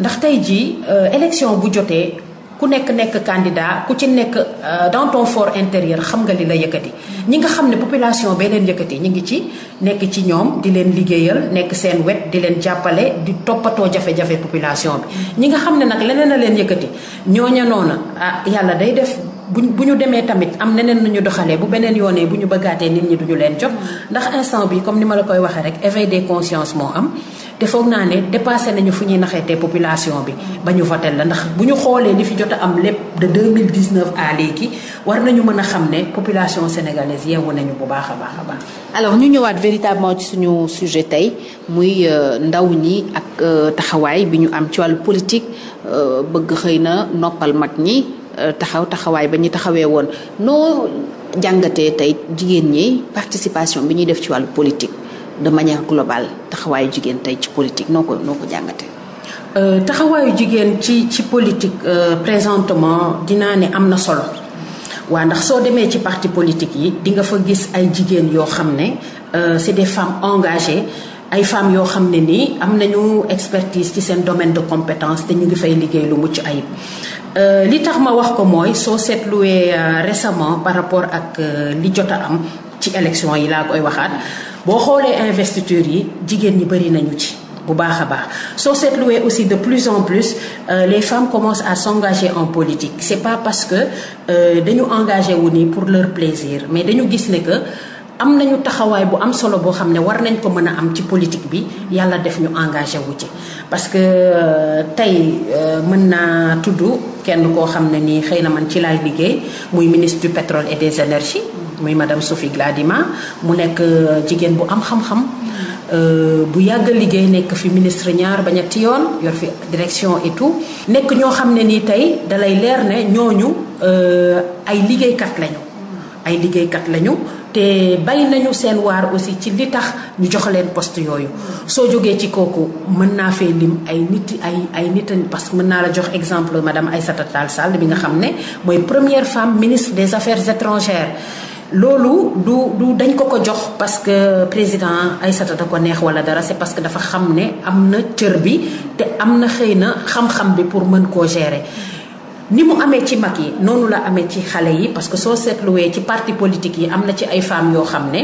ndax tey jii euh, élection bu jotee ku nekk nekk candidat ku ci nekk euh, dans ton fort intérieur xam nga li la yëkkati ñi nga xam ne population bee leen yëkkati ñu ngi ci nekk ci ñoom di leen liggéeyal nekk seen wet di leen jàppale di toppatoo jafe-jafe population bi ñi nga xam ne nag leneen a leen yëkkati ñooña noona ah yàlla day def bu bu ñu demee tamit am neneen nu ñu doxalee bu beneen yoonee bu ñu bëggaatee nit ñi duñu leen jot ndax instant bi comme ni ma la koy waxee rek éveil de consciences moo am te foog naa ne dépassé nañu fu ñuy te population bi ba ñu voté la ndax bu ñu xoolee li fi jot a am lépp de 2019 à léegi war nañu mën a xam ne population sénégalaise yeewu nañu bu baax a baax a baax. alors ñu ñëwaat véritablement ci suñu sujet tey muy euh, ndaw ñi ak euh, taxawaay bi ñu am ci wàllu politique euh, bëgg xëy na noppal mag ñi. taxaw taxawaay ba ñu taxawee woon noo jàngatee tey jigéen ñi participation bi ñuy def ci wàllu politique de manière globale taxawaayu jigéen tey ci politique noo ko noo ko jàngatee. Euh, taxawaayu jigéen ci ci politique euh, présentement dinaa ne am na solo waa ndax soo demee ci parti politique yi di nga fa gis ay jigéen yoo xam ne euh, c'est des femmes engagées ay femmes yoo xam ne nii am nañu expertise ci seen domaine de compétence te ñu ngi fay liggéey lu mucc ayib Euh, li tax ma wax ko mooy soo seetluwee euh, récemment par rapport ak euh, li jot a am ci élection yi laa koy waxaat boo xoolee investiture yi jigéen ñi bëri nañu ci bu baax a baax soo seetluwee aussi de plus en plus euh, les femmes à s'engager en politique c'est pas parce que euh, dañu engagé wu nii pour leur plaisir mais dañu gis ne que am nañu taxawaay bu am solo boo xam ne war nañ ko mën a am ci politique bi yàlla def ñu engagé wu ci parce tey mën naa tudd kenn koo xam ne nii xëy na man ci laay liggéey muy ministre du pétrole et des énergies muy madame Sophie Gladima mu nekk euh, jigéen bu am xam-xam euh, bu yàgg liggéey nekk fi ministre ñaar ba ñetti yoon yor fi direction et nekk ñoo xam ne nii tey dalay leer ne ñooñu euh, ay liggéeykat lañu ay liggéeykat lañu te bay nañu seen waar aussi ci li tax ñu jox leen post yooyu soo jógee ci kooku mën naa fee lim ay nit ay ay nit parce que mën naa la jox exemple madame Aïssata Tall Sall bi nga xam ne mooy première femme ministre des affaires étrangères loolu du du dañ ko ko jox parce que président ay da ko neex wala dara c'est parce que dafa xam ne am na cër bi te am na xëy na xam-xam bi pour mën koo gérer ni mu amee ci mag yi noonu la amee ci xale yi parce que soo seetluwee ci parti politique yi am na ci ay femmes yoo xam ne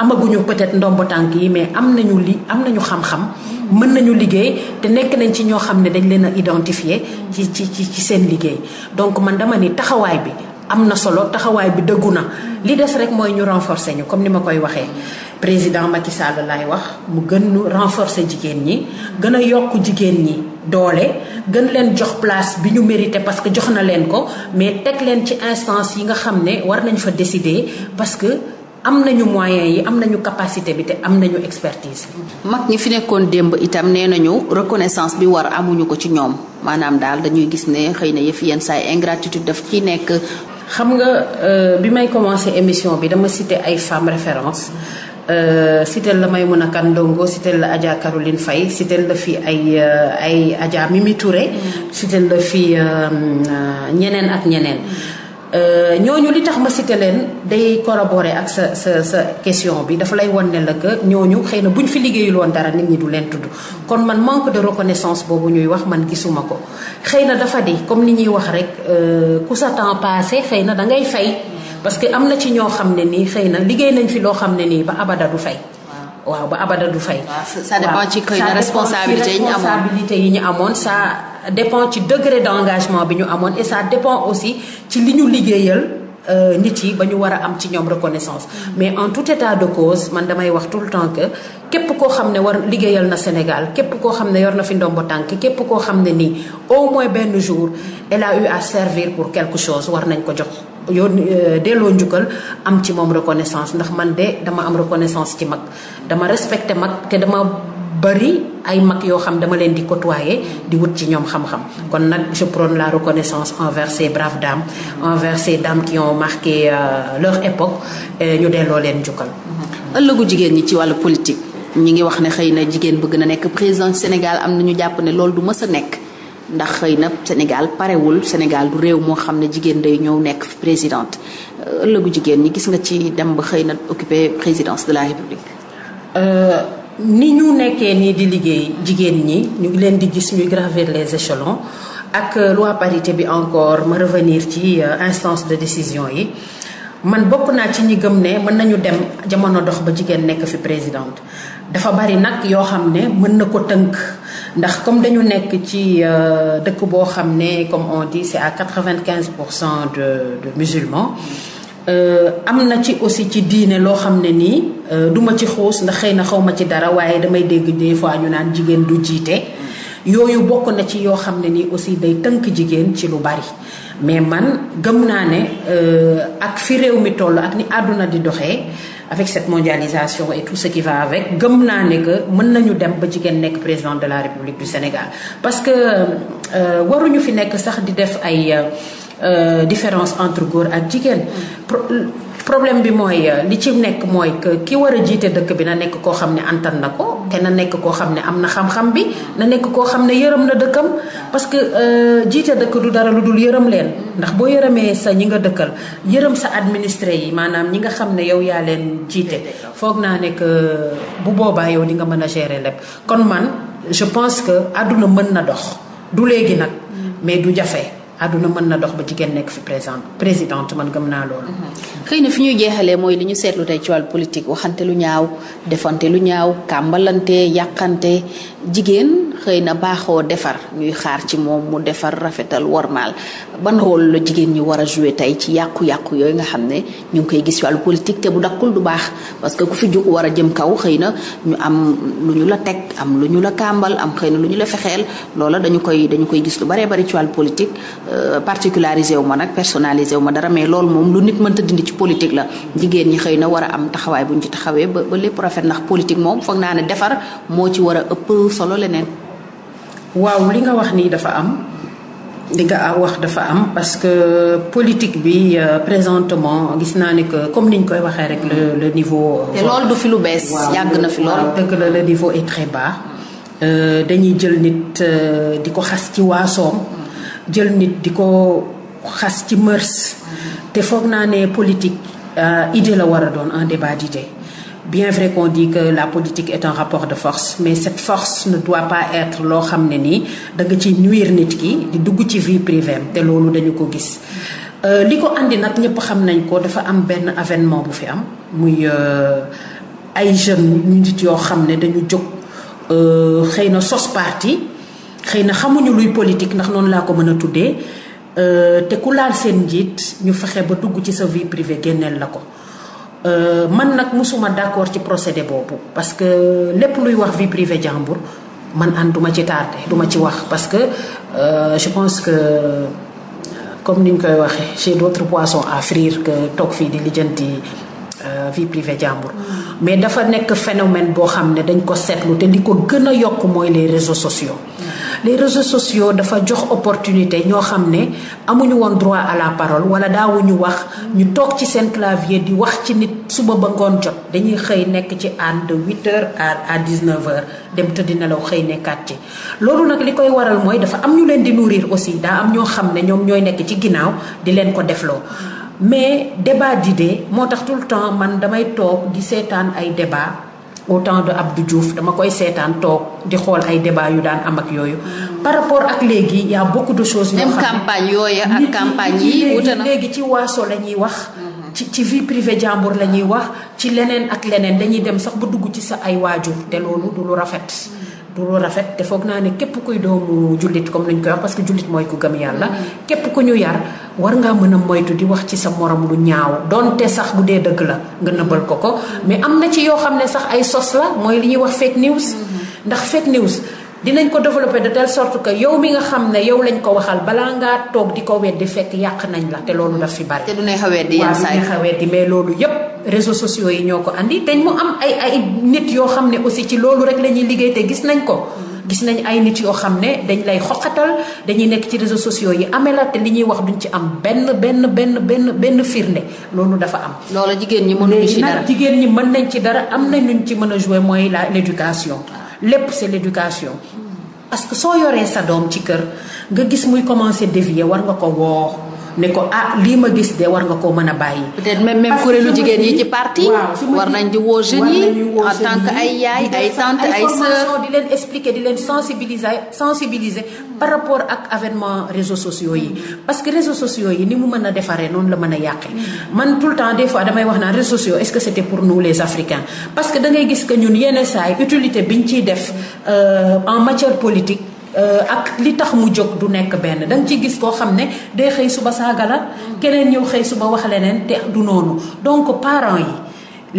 amaguñu peut-être ndombo tànk yi mais am nañu li am nañu xam-xam mën nañu liggéey te nekk nañ ci ñoo xam ne dañ leen a identifier ci ci ci seen liggéey donc man dama ni taxawaay bi am na solo taxawaay bi dëggu na li des rek mooy ñu renforcer ñu comme ni ma koy waxee président Macky Sall laay wax mu gën ñu renforcer jigéen ñi gën a yokk jigéen ñi doole gën leen jox place bi ñu mérité parce que jox na leen ko mais teg leen ci instance yi nga xam ne war nañ fa décider parce que am nañu moyens yi am nañu capacité bi te am nañu expertise mag ñi fi nekkoon démb itam nee nañu reconnaissance bi war amuñu ko ci ñoom maanaam daal dañuy gis ne xëy na yëf yenn saa yi ingratitude daf ci nekk xam nga euh, bi may commencé émission bi dama cité ay femmes références cité euh, la Maïmouna Kane Ndongo cité la Adja Caroline fay cité la fi ay euh, ay Adja Mimi Touré. cité mm. la fi euh, ñeneen ak ñeneen. Mm. ñooñu li tax ma cité leen day collaborer ak sa sa sa question bi dafa lay won ne la que ñooñu xëy na bu ñu fi liggéeyul dara nit ñi du leen tudd kon man manque de reconnaissance boobu ñuy wax man gisuma ko xëy na dafa di comme ni ñuy wax rek ku sa temps passé xëy na dangay fay. parce que am na ci ñoo xam ne nii xëy na liggéey nañ fi loo xam ne nii ba abada du fay. waaw ba abada du fay. sa dépend ci xëy na responsabilité yi ñu amoon responsabilité yi ñu amoon ça dépend ci degré d' bi ñu amoon et ça dépend aussi ci li ñu liggéeyal euh, nit yi ba ñu war a am ci ñoom reconnaissance. Mm. mais en tout état de cause man damay wax tout le temps que képp koo xam ne war liggéeyal na Sénégal képp koo xam ne yor na fi ndombo tànk képp koo xam ne nii au moins benn jour elle a eu pour quelque chose war nañ ko jox. yoon euh, delloo njukkal am ci moom reconnaissance ndax man de dama am reconnaissance ci mag dama respecté mag te dama bari ay mag yoo xam dama leen di côtoyer di wut ci ñoom xam-xam kon nag je prône la reconnaissance envers ces braves dames envers ces dames qui ont marqué euh, leur époque ñu delloo leen njukkal. ëllëgu jigéen ñi ci wàllu politique. ñu ngi wax ne xëy na jigéen bëgg na nekk président Sénégal am na ñu jàpp ne loolu du mës a nekk. ndax xëy na Sénégal parewul Sénégal du réew moo xam ne jigéen day ñëw nekk fi présidente euh, ëllëgu jigéen ñi gis nga ci dem ba xëy na occupé présidence de la République. Euh, ni ñu nekkee nii di liggéey jigéen ñi ñu ngi leen di gis ñuy gravir les échelons ak euh, loi parité bi encore ma revenir ci instance de décision yi. man bokk naa ci ñi gëm ne mën nañu dem jamono dox ba jigéen nekk fi président dafa bari nag yoo xam ne mën na ko tënk ndax comme dañu nekk ci euh, dëkk boo xam ne comme on dit c'est à quatre quinze pour cent de de euh, am na ci aussi ci diine loo xam ne nii euh, duma ci xuus ndax xëy na xaw ma ci dara waaye damay dégg des fois ñu naan jigéen du jiite yooyu bokk na ci yoo xam ne nii aussi day tënk jigéen ci lu bari mais man gëm naa ne ak fi réew mi toll ak ni àdduna di doxee avec cette mondialisation et tout ce qui va avec gëm naa ne que mën nañu dem ba jigéen nekk président de la République du Sénégal parce que euh, euh, waruñu fi nekk sax di def ay euh, différence entre góor ak jigéen problème bi mooy li ci nekk mooy que ki war a jiite dëkk bi na nekk koo xam ne antan na ko te nekk koo xam ne am na xam-xam bi na nekk koo xam ne yërëm na dëkkam parce que euh, jiite dëkk du dara lu dul yërëm leen ndax boo yërëmee sa ñi nga dëkkal yërëm sa administré yi maanaam ñi nga xam ne yow yaa leen jiite foog naa ne que bu boobaa yow di nga mën a gérer lépp kon man je pense que àdduna mën na dox du léegi nag mais du jafe àdduna mën na dox ba jigéen nekk fi présente présidente man gëm naa loolu mhm. xëy na fi ñuy jeexalee mooy li ñu seetlu tey ci wàllu politique waxante lu ñaaw defante lu ñaaw kàmbalante yàqante jigéen xëy na baaxoo defar ñuy xaar ci moom mu defar rafetal wormaal ban rôle la jigéen ñi war a jouer tey ci yàqu-yàqu yooyu nga xam ne ñu ngi koy gis wàllu politique te bu dakkul du baax parce que ku fi jóg war a jëm kaw xëy na ñu am lu ñu la teg am lu ñu la kàmbal am xëy na lu ñu la fexeel loola dañu koy dañu koy gis lu baree bari ci wàllu politique euh, particularisé wu ma nag personnalisé wu ma dara mais lu nit mënta dindi ci la jigéen ñi xëy na war a am taxawaay bu ñu ci taxawee ba ba lépp rafet ndax politique moom foog naa ne defar moo ci war a ëpp solo leneen. waaw li nga wax nii dafa am li nga wax dafa am parce que politique bi euh, présentement gis naa ne que comme ni ñu koy waxee rek le niveau. Euh, te loolu du fi lu bees. yàgg na fi lool dëgg la le niveau est très bas. Euh, dañuy jël nit di ko xas ci waasoom jël nit di ko. xas ci mœurs te foog naa ne politique euh, idée la war a doon un débat d'idées bien vrai qu'on dit que la politique est un rapport de force mais cette force ne doit pas être loo xam ne nii danga nga ci nuire nit ki di dugg ci vie privée te loolu dañu ko gis euh, li ko andi nag ñëpp xam nañ ko dafa am benn avènement bu fi am muy euh, ay jeunes ñu nit yoo xam ne dañu jóg xëy na sos parti xëy na xamuñu luy politique ndax noonu laa ko mën a tuddee Euh, te ku laal seen njiit ñu fexe ba dugg ci sa vie privée génneel la ko euh, man nag musuma d'accord ci procédé boobu parce que lépp luy wax vie privée jàmbur man an duma ci tardé duma ci wax parce que euh, je pense que comme ni niñ koy waxee j'ai d'autres poissons à que toog fii di lijjanti vie privée jàmbur mm. mais dafa nekk phénomène boo xam ne dañ ko seetlu te li ko gën a yokk mooy les réseaux sociaux les réseaux sociaux dafa jox opportunité ñoo xam ne amuñu woon droit à la parole wala daawuñu wax ñu toog ci seen clavier di wax ci nit suba ba ngoon jot dañuy xëy nekk ci ànd de huit heures à à dix neuf heures dem tëdd nelaw xëy nekkaat ci. loolu nag li koy waral mooy dafa am ñu leen di nourrir aussi daa am ñoo xam ne ñoom ñooy nekk ci ginnaaw di leen ko defloo. mais débat d'idées moo tax tout le temps man damay toog di seetaan ay débat au temps ab du Diouf dama koy seetaan toog di xool ay débat yu daan am ak yooyu. par rapport ak léegi y' a beaucoup de choses. yoo xam ne campagne yooyu ak campagne yi léegi ci waaso la ñuy wax. Mhm. ci ci vie privée jàmbur la ñuy wax ci leneen ak leneen dañuy dem sax ba dugg ci sax ay waajur te loolu du lu rafet. du lu rafet te foog naa ne képp kuy doomu jullit comme nañ koy wax parce que jullit mooy ku gëm yàlla mm-hmm. képp ku ñu yar war ngaa mën a moytu di wax ci sa morom lu ñaaw donte sax bu dee dëgg la nga nëbbal ko ko mm-hmm. mais am na ci yoo xam ne sax ay sos la mooy li ñuy wax fake news mm-hmm. ndax fake news dinañ ko développer de telle sort que yow mi nga xam ne yow lañ ko waxal balaa ngaa toog di ko weddi fekk yàq nañ la te loolu daf fi bari. te du neex a weddi yenn saa mais loolu yëpp réseaux sociaux yi ñoo ko andi te mu am ay ay nit yoo xam ne aussi ci loolu rek la ñuy liggéey te gis nañ ko. gis nañ ay nit yoo xam ne dañ lay xoqatal dañuy nekk ci réseaux sociaux yi amee la te li ñuy wax duñ ci am benn benn benn benn benn firnde loolu dafa am. loolu jigéen ñi mënuñu ci dara jigéen ñi mën nañ ci dara am nañ luñ ci mën a jouer mooy la l'éducation. lépp c'est l'éducation parce que soo yoree sa doom ci kër nga gis muy commencer dévier war nga ko woo ne ko ah lii ma gis de war nga koo mën a bàyyi. peut-être même même jigéen yi ci parti. war nañ di woo jeunes yi en tant que ay yaay ay tante ay sœur di leen expliquer di leen sensibiliser sensibiliser par rapport ak avènement réseaux sociaux yi. parce que réseaux sociaux yi ni mu mën a defaree noonu la mën a yàqee. man tout le temps des fois damay wax naan réseaux sociaux est-ce que c'était pour nous les Africains parce que da gis que ñun yenn saa yi bi ñu ciy def euh, en matière politique. Euh, ak li tax mu jóg du nekk benn da ci gis koo xam ne day xëy suba saaga la keneen ñëw xëy suba wax leneen te du noonu donc parents yi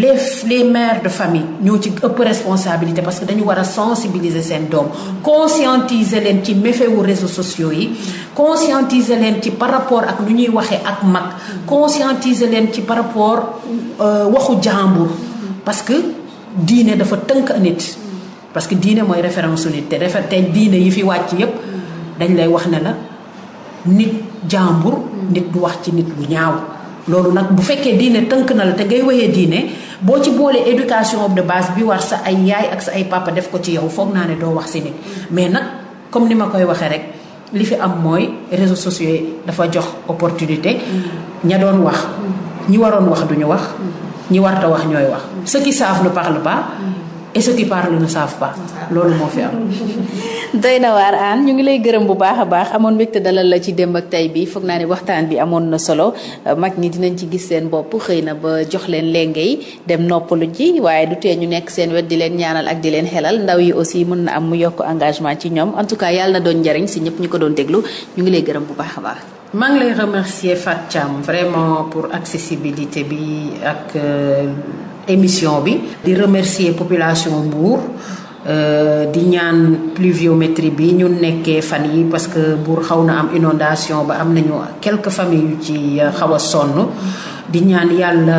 les les mères de famille ñoo ci ëpp responsabilité parce que dañu war a sensibiliser seen doom conscientiser leen ci méfait wu réseaux yi conscientiser leen ci par rapport ak lu ñuy waxee ak mag conscientiser leen ci par rapport euh, waxu jàmbur parce que diine dafa tënk nit parce que diine mooy référence su nit te réfé te diine yi fi wàcc yépp dañ lay wax ne la nit jàmbur. nit du wax ci nit lu ñaaw. loolu nag bu fekkee diine tënk na la te ngay wéyee diine boo ci boolee éducation de base bi war sa ay yaay ak sa ay papa def ko ci yow foog naa ne doo wax si nit mais nag comme ni ma koy waxee rek li fi am mooy réseaux sociaux dafa jox opportunité. ña doon wax. ñi waroon wax duñu wax. ñi warta wax ñooy wax. ceux qui savent et ceux qui parlent ne loolu moo fi am. doy na waar aan ñu ngi lay gërëm bu baax a baax amoon mbégte dalal la ci démb ak tay bi foog naa ne waxtaan bi amoon na solo mag ñi dinañ ci gis seen bopp xëy na ba jox leen lenge yi dem noppalu ji waaye du tee ñu nekk seen wet di leen ñaanal ak di leen xelal ndaw yi aussi mën na am mu yokk engagement ci ñoom en tout cas yàlla na doon njariñ si ñëpp ñu ko doon déglu ñu ngi lay gërëm bu baax a baax. maa ngi lay remercier Fatou Thiam vraiment pour accessibilité bi ak. Euh, émission bi di remercier population Mbour euh, di ñaan pluviométrie bi ñu nekkee fan yi parce que Mbour xaw na am inondation ba am nañu quelque familles yu ci euh, xaw a sonn di ñaan yàlla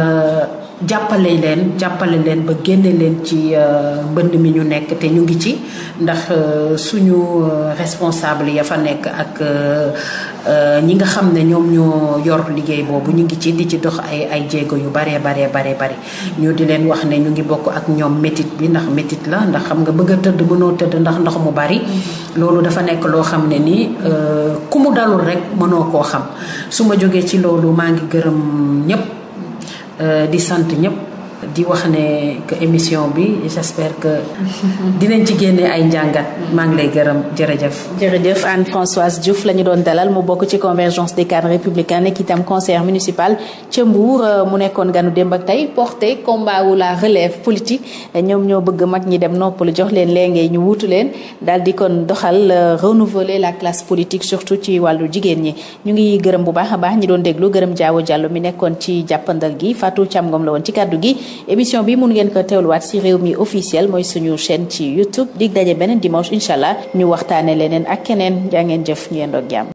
jàppale leen jàppale leen ba génne leen ci euh, mbënd mi ñu nekk te ñu ngi ci ndax euh, suñu euh, responsable ya fa nekk ak ñi nga xam ne ñoom ñoo yor liggéey boobu ñu ngi ci di ci dox ay ay jéego yu baree baree baree bari ñu di leen wax ne ñu ngi bokk ak ñoom métit bi ndax métit la ndax xam nga bëgg a tëdd mënoo tëdd ndax ndox mu bari mm-hmm. loolu dafa nekk loo xam ne nii ku mu dalul rek mënoo koo xam su ma jógee ci loolu maa ngi gërëm ñëpp Euh, di sant ñëpp di wax ne que émission bi j'espère que dinañ ci génne ay njàngat maa ngi lay gërëm jërëjëf jërëjëf Anne Françoise Diouf la ñu doon dalal mu bokk ci convergence de cadres républicains nekk itam conseiller municipal ca Mbour euh, mu nekkoon ganu démb ak tey porté combat wu la relève politique euh, ñoom ñoo bëgg mag ñi dem noppalu jox leen léegi ñu wuutu leen daal di kon doxal euh, renouveler la classe politique surtout ci wàllu jigéen ñi ñu ngi gërëm bu baax a baax ñi doon déglu gërëm jaawo jàllo mi nekkoon ci jàppandal gi Fatou Thiam Ngom la woon ci kàddu gi émission bi mun ngeen ko teewluwaat si réew mi officiel mooy suñu chaîne ci YouTube dig daje beneen dimanche incha allah ñu waxtaanee leneen ak keneen jaa ngeen ngeen doog jàmm